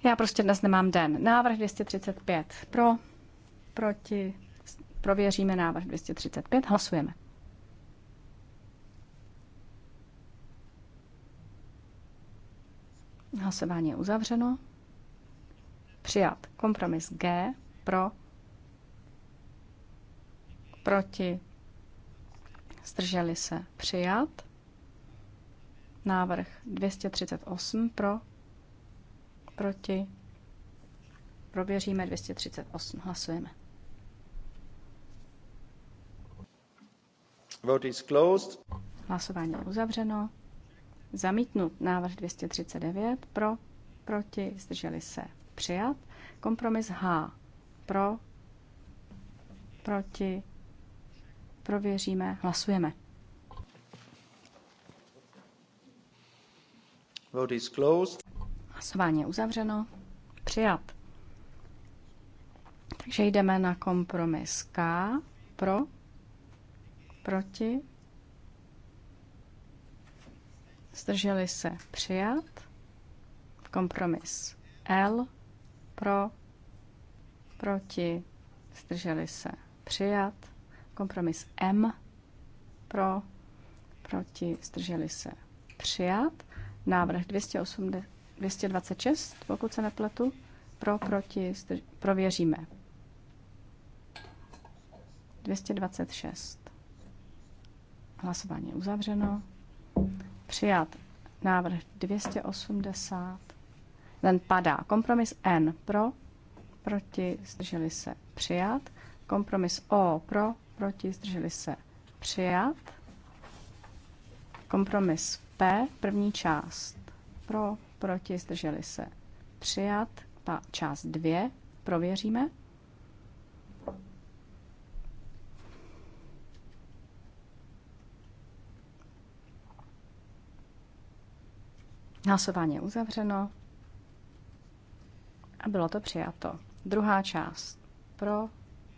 Já prostě dnes nemám den. Návrh 235 pro, proti, prověříme návrh 235, hlasujeme. Hlasování je uzavřeno. Přijat kompromis G pro, proti, zdrželi se přijat. Návrh 238 pro, proti. Prověříme 238. Hlasujeme. Vote is closed. Hlasování je uzavřeno. Zamítnut návrh 239 pro, proti, zdrželi se přijat. Kompromis H pro, proti, prověříme, hlasujeme. Vote is closed. Hlasování je uzavřeno. Přijat. Takže jdeme na kompromis K. Pro. Proti. Zdrželi se. Přijat. Kompromis L. Pro. Proti. Zdrželi se. Přijat. Kompromis M. Pro. Proti. Zdrželi se. Přijat Návrh 208, 226, pokud se nepletu, pro, proti, zdrž, prověříme. 226. Hlasování uzavřeno. Přijat návrh 280. Ten padá. Kompromis N pro, proti, zdrželi se přijat. Kompromis O pro, proti, zdrželi se přijat. Kompromis P, první část pro, proti, zdrželi se přijat. Pa, část dvě prověříme. Hlasování je uzavřeno a bylo to přijato. Druhá část pro,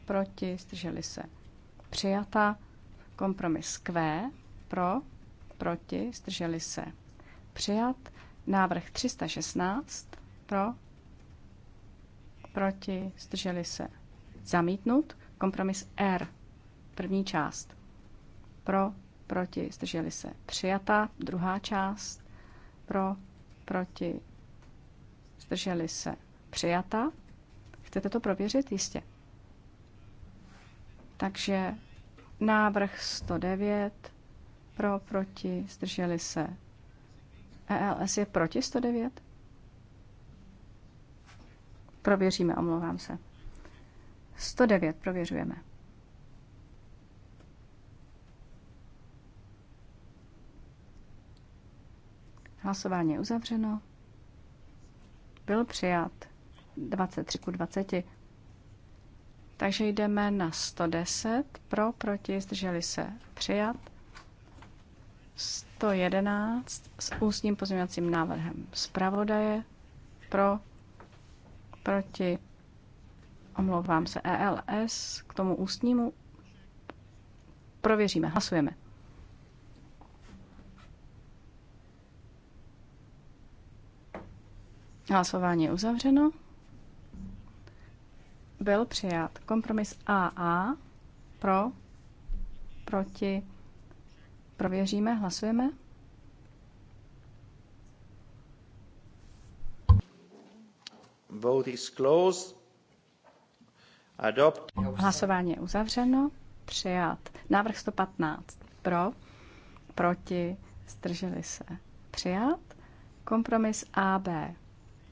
proti, zdrželi se přijata. Kompromis Q pro, proti, zdrželi se přijat. Návrh 316 pro, proti, zdrželi se zamítnut. Kompromis R, první část pro, proti, zdrželi se přijata. Druhá část pro, proti, zdrželi se přijata. Chcete to prověřit? Jistě. Takže návrh 109 pro, proti, zdrželi se. ELS je proti 109? Prověříme, omlouvám se. 109 prověřujeme. Hlasování je uzavřeno. Byl přijat 23 ku 20. Takže jdeme na 110. Pro, proti, zdrželi se. Přijat. 111 s ústním pozměňovacím návrhem zpravodaje pro, proti, omlouvám se, ELS k tomu ústnímu. Prověříme, hlasujeme. Hlasování je uzavřeno. Byl přijat kompromis AA pro, proti, Prověříme, hlasujeme. Vote is closed. Adopt. Hlasování je uzavřeno. Přijat. Návrh 115. Pro. Proti. Zdrželi se. Přijat. Kompromis AB.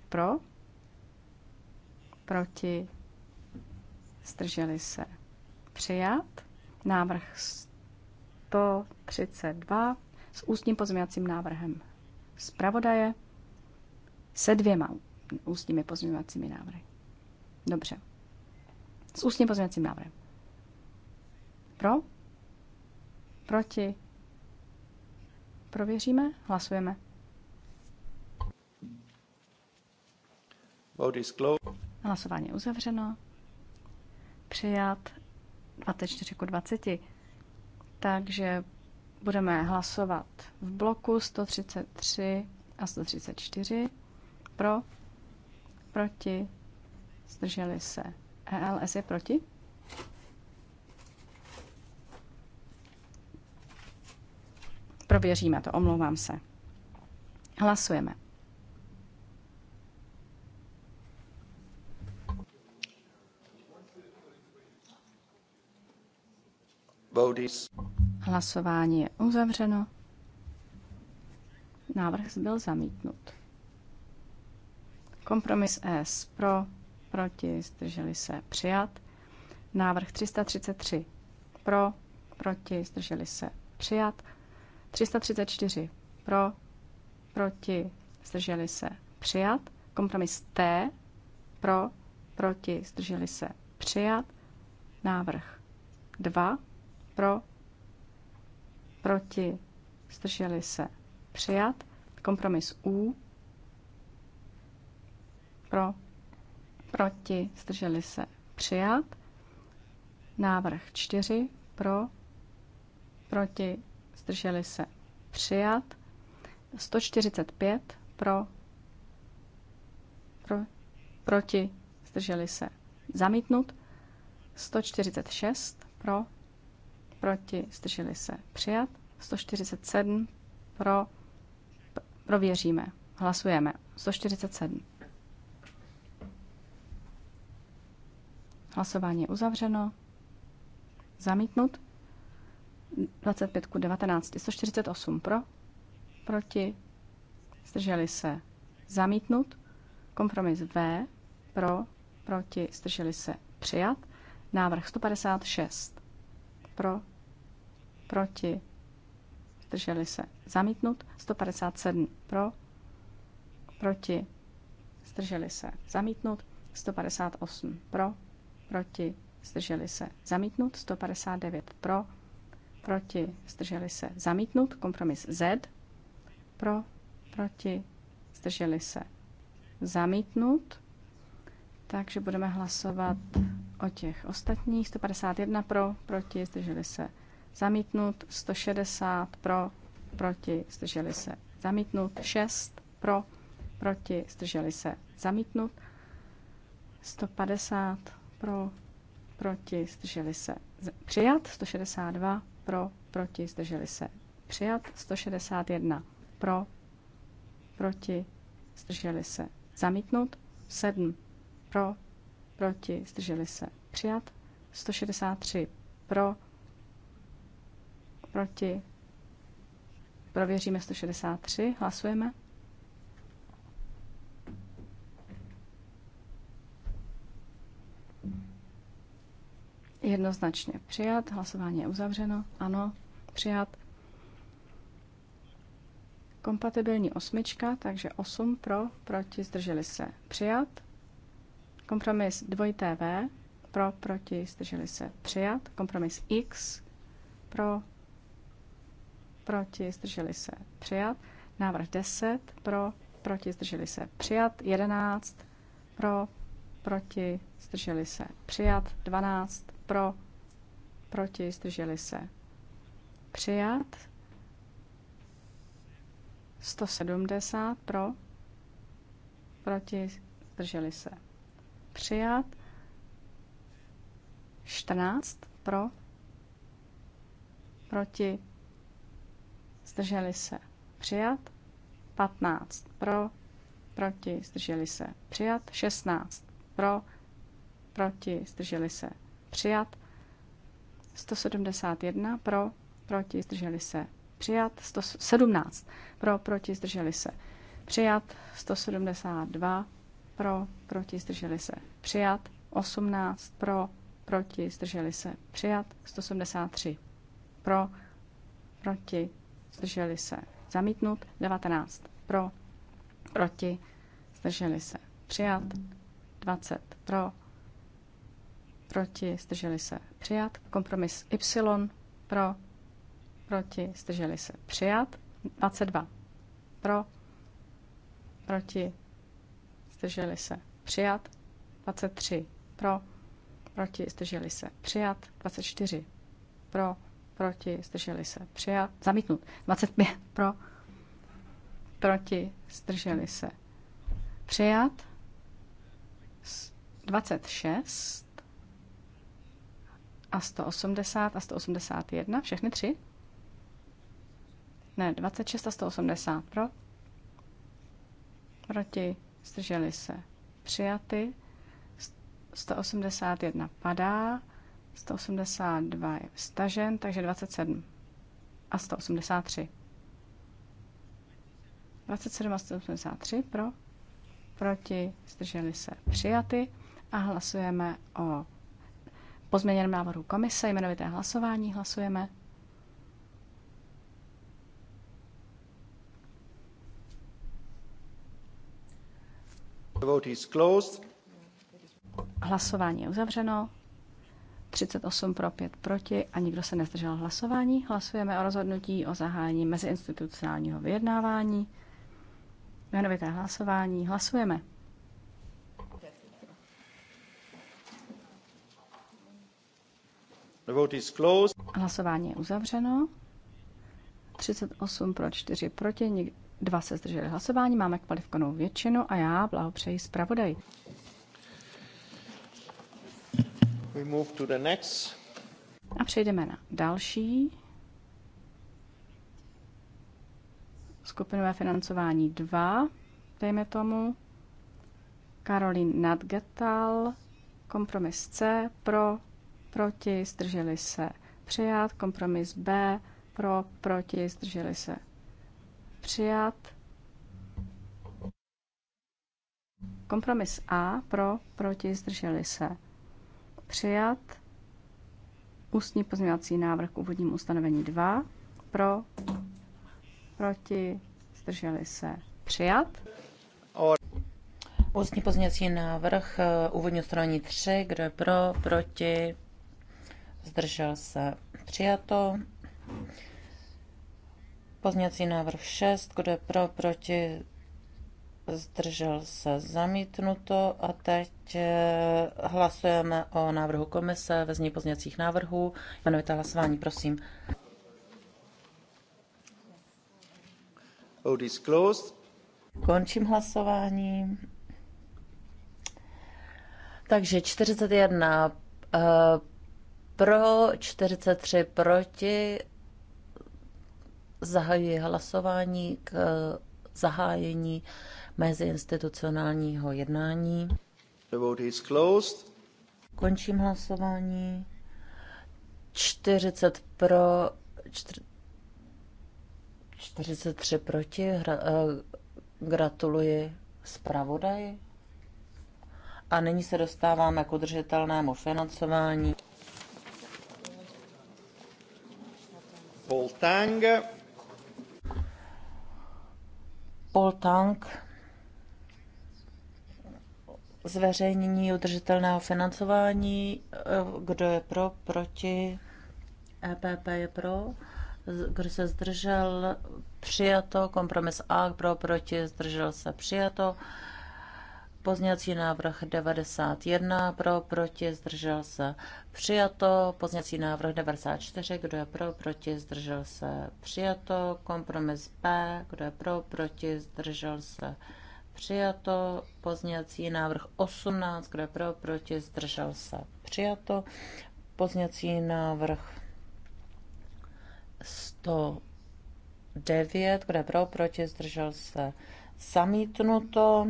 Pro. Proti. Zdrželi se. Přijat. Návrh 132 s ústním pozměňovacím návrhem zpravodaje se dvěma ústními pozměňovacími návrhy. Dobře. S ústním pozměňovacím návrhem. Pro? Proti? Prověříme? Hlasujeme. Hlasování uzavřeno. Přijat 24 20. Takže budeme hlasovat v bloku 133 a 134 pro, proti, zdrželi se. ELS je proti? Prověříme to, omlouvám se. Hlasujeme. Hlasování je uzavřeno. Návrh byl zamítnut. Kompromis S pro, proti, zdrželi se, přijat. Návrh 333 pro, proti, zdrželi se, přijat. 334 pro, proti, zdrželi se, přijat. Kompromis T pro, proti, zdrželi se, přijat. Návrh 2 pro, proti, zdrželi se, přijat. Kompromis U, pro, proti, zdrželi se, přijat. Návrh 4, pro, proti, zdrželi se, přijat. 145, pro, pro proti, zdrželi se, zamítnut. 146, pro, proti, zdrželi se přijat. 147 pro, prověříme, hlasujeme. 147. Hlasování je uzavřeno. Zamítnut. 25 k 19. 148 pro, proti, zdrželi se. Zamítnut. Kompromis V pro, proti, zdrželi se. Přijat. Návrh 156 pro, proti, zdrželi se zamítnut, 157 pro, proti, zdrželi se zamítnut, 158 pro, proti, zdrželi se zamítnut, 159 pro, proti, zdrželi se zamítnut, kompromis Z, pro, proti, zdrželi se zamítnut, takže budeme hlasovat o těch ostatních, 151 pro, proti, zdrželi se zamítnut, 160 pro, proti, zdrželi se, zamítnut, 6 pro, proti, zdrželi se, zamítnut, 150 pro, proti, zdrželi se, přijat, 162 pro, proti, zdrželi se, přijat, 161 pro, proti, zdrželi se, zamítnut, 7 pro, proti, zdrželi se, přijat, 163 pro, Proti. Prověříme 163. Hlasujeme. Jednoznačně přijat. Hlasování je uzavřeno. Ano, přijat. Kompatibilní osmička, takže 8 pro, proti, zdrželi se. Přijat. Kompromis 2 TV, pro, proti, zdrželi se. Přijat. Kompromis X, pro, proti, zdrželi se, přijat. Návrh 10, pro, proti, zdrželi se, přijat. 11, pro, proti, zdrželi se, přijat. 12, pro, proti, zdrželi se, přijat. 170 pro, proti, zdrželi se, přijat. 14 pro, proti, zdrželi se přijat, 15 pro, proti, zdrželi se přijat, 16 pro, proti, zdrželi se přijat, 171 pro, proti, zdrželi se přijat, 117 pro, proti, zdrželi se přijat, 172 pro, proti, zdrželi se přijat, 18 pro, proti, zdrželi se přijat, 173 pro, proti, zdrželi se zamítnut, 19 pro, proti, zdrželi se přijat, 20 pro, proti, zdrželi se přijat, kompromis Y pro, proti, zdrželi se přijat, 22 pro, proti, zdrželi se přijat, 23 pro, proti, zdrželi se přijat, 24 pro, proti, zdrželi se, přijat, zamítnut. 25 pro, proti, zdrželi se, přijat. 26 a 180 a 181, všechny tři? Ne, 26 a 180 pro, proti, zdrželi se, přijaty. 181 padá, 182 je stažen, takže 27 a 183. 27 a 183 pro, proti, zdrželi se přijaty a hlasujeme o pozměněném návrhu komise, jmenovité hlasování hlasujeme. The vote is closed. Hlasování je uzavřeno. 38 pro 5 proti a nikdo se nezdržel hlasování. Hlasujeme o rozhodnutí o zahájení meziinstitucionálního vyjednávání. Jmenovité hlasování. Hlasujeme. The vote is closed. Hlasování je uzavřeno. 38 pro 4 proti, dva se zdrželi hlasování, máme kvalifikovanou většinu a já blahopřeji zpravodaj. We move to the next. A přejdeme na další. Skupinové financování 2, dejme tomu. Karolín Nadgetal, kompromis C, pro, proti, zdrželi se přijat, kompromis B, pro, proti, zdrželi se přijat. Kompromis A, pro, proti, zdrželi se Přijat. Ústní pozměňovací návrh k úvodnímu ustanovení 2. Pro. Proti. Zdrželi se. Přijat. Ústní pozměňovací návrh eh, úvodní ustanovení 3. Kdo je pro? Proti. Zdržel se. Přijato. Pozměňovací návrh 6. Kdo je pro? Proti zdržel se zamítnuto a teď eh, hlasujeme o návrhu komise ve zní pozněcích návrhů. Jmenovité hlasování, prosím. Vote is closed. Končím hlasování. Takže 41 eh, pro, 43 proti. Zahajuji hlasování k eh, zahájení meziinstitucionálního jednání. The vote is closed. Končím hlasování. 40 pro, 43 proti. Hra, eh, gratuluji zpravodaji. A nyní se dostáváme k udržitelnému financování. Paul Tang. Paul Tang zveřejnění udržitelného financování. Eh, kdo je pro, proti? EPP je pro. Kdo se zdržel? Přijato. Kompromis A pro, proti? Zdržel se přijato. Pozněcí návrh 91 pro, proti, zdržel se přijato. Pozněcí návrh 94, kdo je pro, proti, zdržel se přijato. Kompromis B, kdo je pro, proti, zdržel se přijato Přijato. Pozněcí návrh 18, kde pro, proti, zdržel se. Přijato. Pozněcí návrh 109, kde pro, proti, zdržel se. Zamítnuto.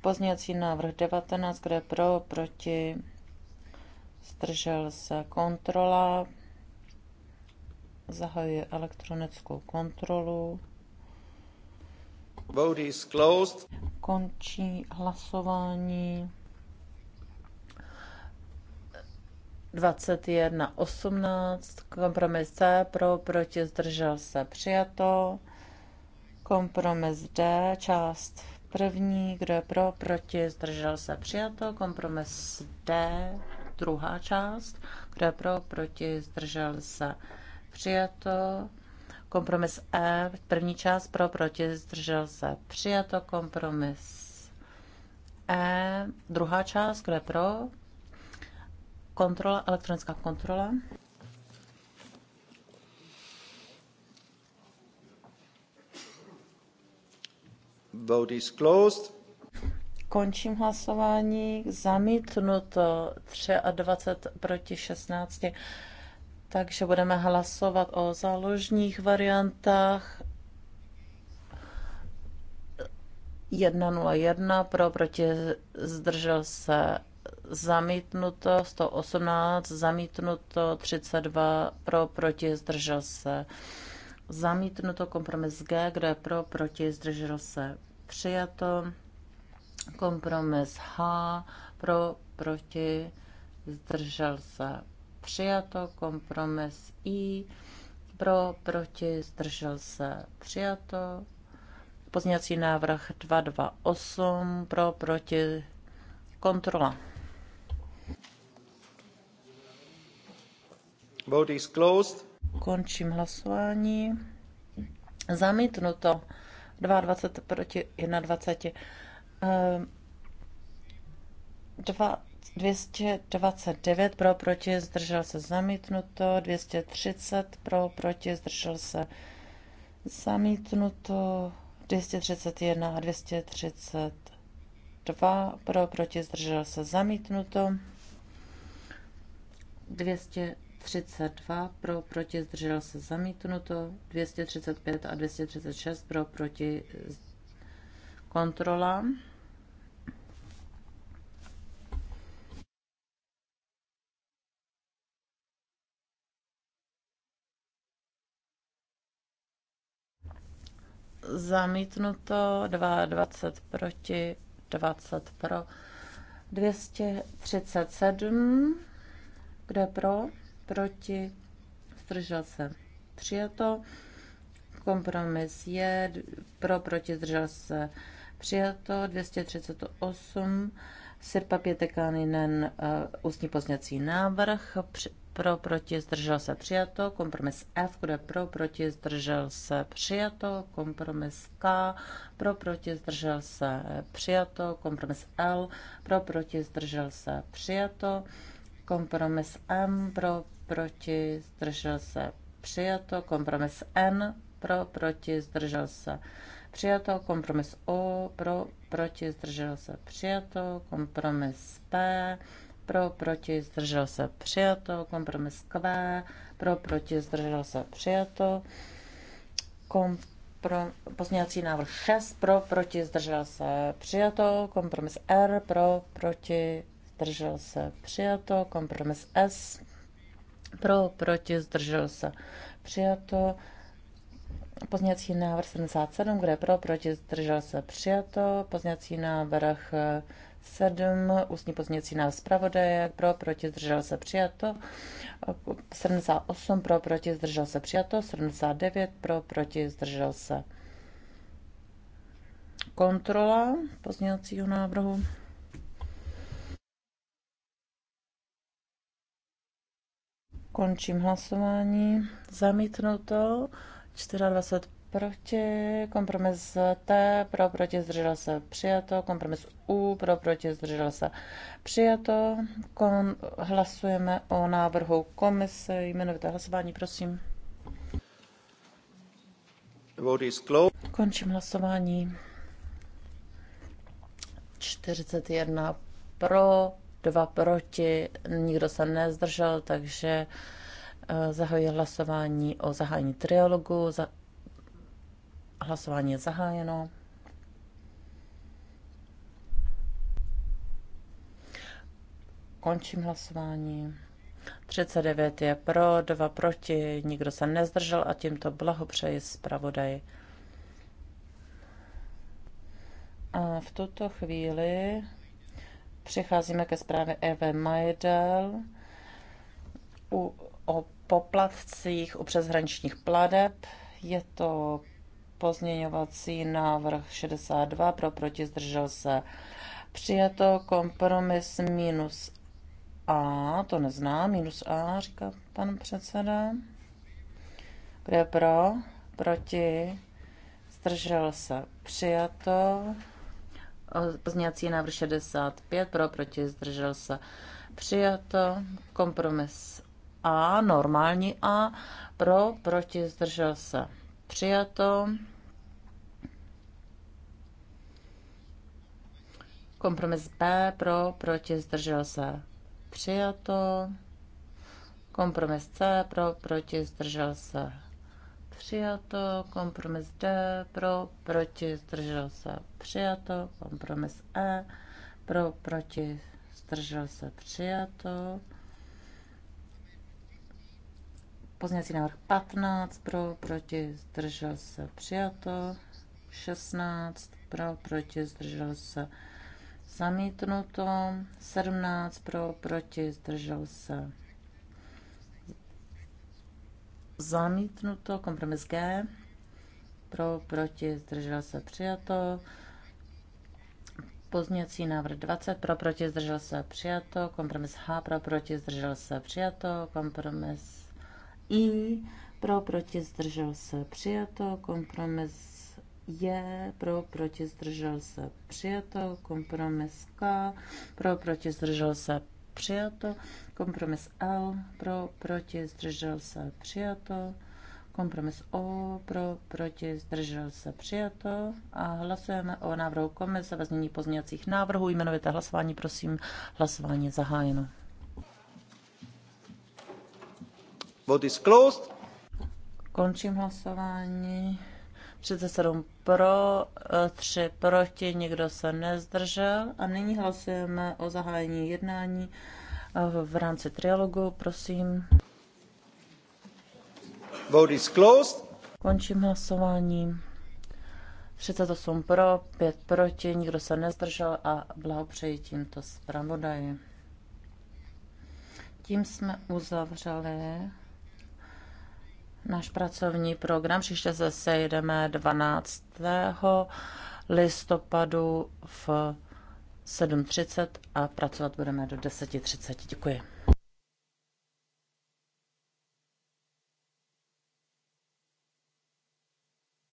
Pozněcí návrh 19, kde pro, proti, zdržel se. Kontrola. Zahajuje elektronickou kontrolu. Vote is closed. Končí hlasování. 21:18. kompromis C, pro, proti, zdržel se, přijato. Kompromis D, část první, kdo je pro, proti, zdržel se, přijato. Kompromis D, druhá část, kdo je pro, proti, zdržel se, přijato. Kompromis E, první část pro, proti, zdržel se. Přijato kompromis E, druhá část, kde pro, kontrola, elektronická kontrola. Vote is closed. Končím hlasování. Zamítnuto 23 proti 16. Takže budeme hlasovat o záložních variantách 101 pro, proti zdržel se zamítnuto, 118 zamítnuto, 32 pro, proti zdržel se zamítnuto, kompromis G, kdo je pro, proti zdržel se přijato, kompromis H pro, proti zdržel se přijato, kompromis I, pro, proti, zdržel se, přijato, pozněcí návrh 228, pro, proti, kontrola. Vote is closed. Končím hlasování. Zamítnuto. 22 proti 21. 2, 229 pro, proti, zdržel se zamítnuto, 230 pro, proti, zdržel se zamítnuto, 231 a 232 pro, proti, zdržel se zamítnuto, 232 pro, proti, zdržel se zamítnuto, 235 a 236 pro, proti, kontrola. zamítnuto, 22 proti, 20 pro, 237, je pro, proti, zdržel se, přijato, kompromis je, pro, proti, zdržel se, přijato, 238, Sirpa uh, ústní pozněcí návrh, pro, proti, zdržel se přijato, kompromis F, kdo je pro, proti, zdržel se přijato, kompromis K, pro, proti, zdržel se přijato, kompromis L, pro, proti, zdržel se přijato, kompromis M, pro, proti, zdržel se přijato, kompromis N, pro, proti, zdržel se přijato, kompromis O, pro, proti, zdržel se přijato, kompromis P, pro, proti, zdržel se, přijato. Kompromis Q, pro, proti, zdržel se, přijato. Kom, pro, pozměňovací návrh 6, pro, proti, zdržel se, přijato. Kompromis R, pro, proti, zdržel se, přijato. Kompromis S, pro, proti, zdržel se, přijato. Pozněcí návrh 77, kde pro, proti, zdržel se, přijato. Pozněcí návrh 7, ústní pozměnící návrh zpravodaje, pro, proti, zdržel se přijato, 78, pro, proti, zdržel se přijato, 79, pro, proti, zdržel se kontrola pozměňovacího návrhu. Končím hlasování. Zamítnuto. 24 proti, kompromis T, pro, proti, zdržel se, přijato, kompromis U, pro, proti, zdržel se, přijato. Kon, hlasujeme o návrhu komise, jmenovité hlasování, prosím. Vote is closed. Končím hlasování. 41 pro, 2 proti, nikdo se nezdržel, takže eh, zahajuji hlasování o zahájení trialogu. Za, Hlasování je zahájeno. Končím hlasování. 39 je pro, 2 proti, nikdo se nezdržel a tímto blahopřeji zpravodaj. A v tuto chvíli přicházíme ke zprávě Eve Majdel u, o poplatcích u přeshraničních pladeb. Je to Pozměňovací návrh 62 pro, proti, zdržel se. Přijato kompromis minus A, to nezná, minus A, říká pan předseda. kde je pro? Proti? Zdržel se. Přijato. Pozměňovací návrh 65. Pro, proti, zdržel se. Přijato. Kompromis A, normální A. Pro, proti, zdržel se. Přijato. Kompromis B pro, proti, zdržel se. Přijato. Kompromis C pro, proti, zdržel se. Přijato. Kompromis D pro, proti, zdržel se. Přijato. Kompromis E pro, proti, zdržel se. Přijato. Pozměňovací návrh 15 pro, proti, zdržel se, přijato. 16 pro, proti, zdržel se, zamítnuto. 17 pro, proti, zdržel se, zamítnuto. Kompromis G pro, proti, zdržel se, přijato. Pozměňovací návrh 20 pro, proti, zdržel se, přijato. Kompromis H pro, proti, zdržel se, přijato. Kompromis i pro, proti, zdržel se, přijato. Kompromis je, pro, proti, zdržel se, přijato. Kompromis K, pro, proti, zdržel se, přijato. Kompromis L, pro, proti, zdržel se, přijato. Kompromis O, pro, proti, zdržel se, přijato. A hlasujeme o návrhu komise ve znění pozměňovacích návrhů. Jmenovité hlasování, prosím, hlasování zahájeno. Končím hlasování. 37 pro, 3 e, proti, nikdo se nezdržel. A nyní hlasujeme o zahájení jednání e, v rámci trialogu, prosím. Vote is closed. Končím hlasování. 38 pro, 5 proti, nikdo se nezdržel a blahopřeji tímto zpravodaji. Tím jsme uzavřeli náš pracovní program. Příště se sejdeme 12. listopadu v 7.30 a pracovat budeme do 10.30. Děkuji.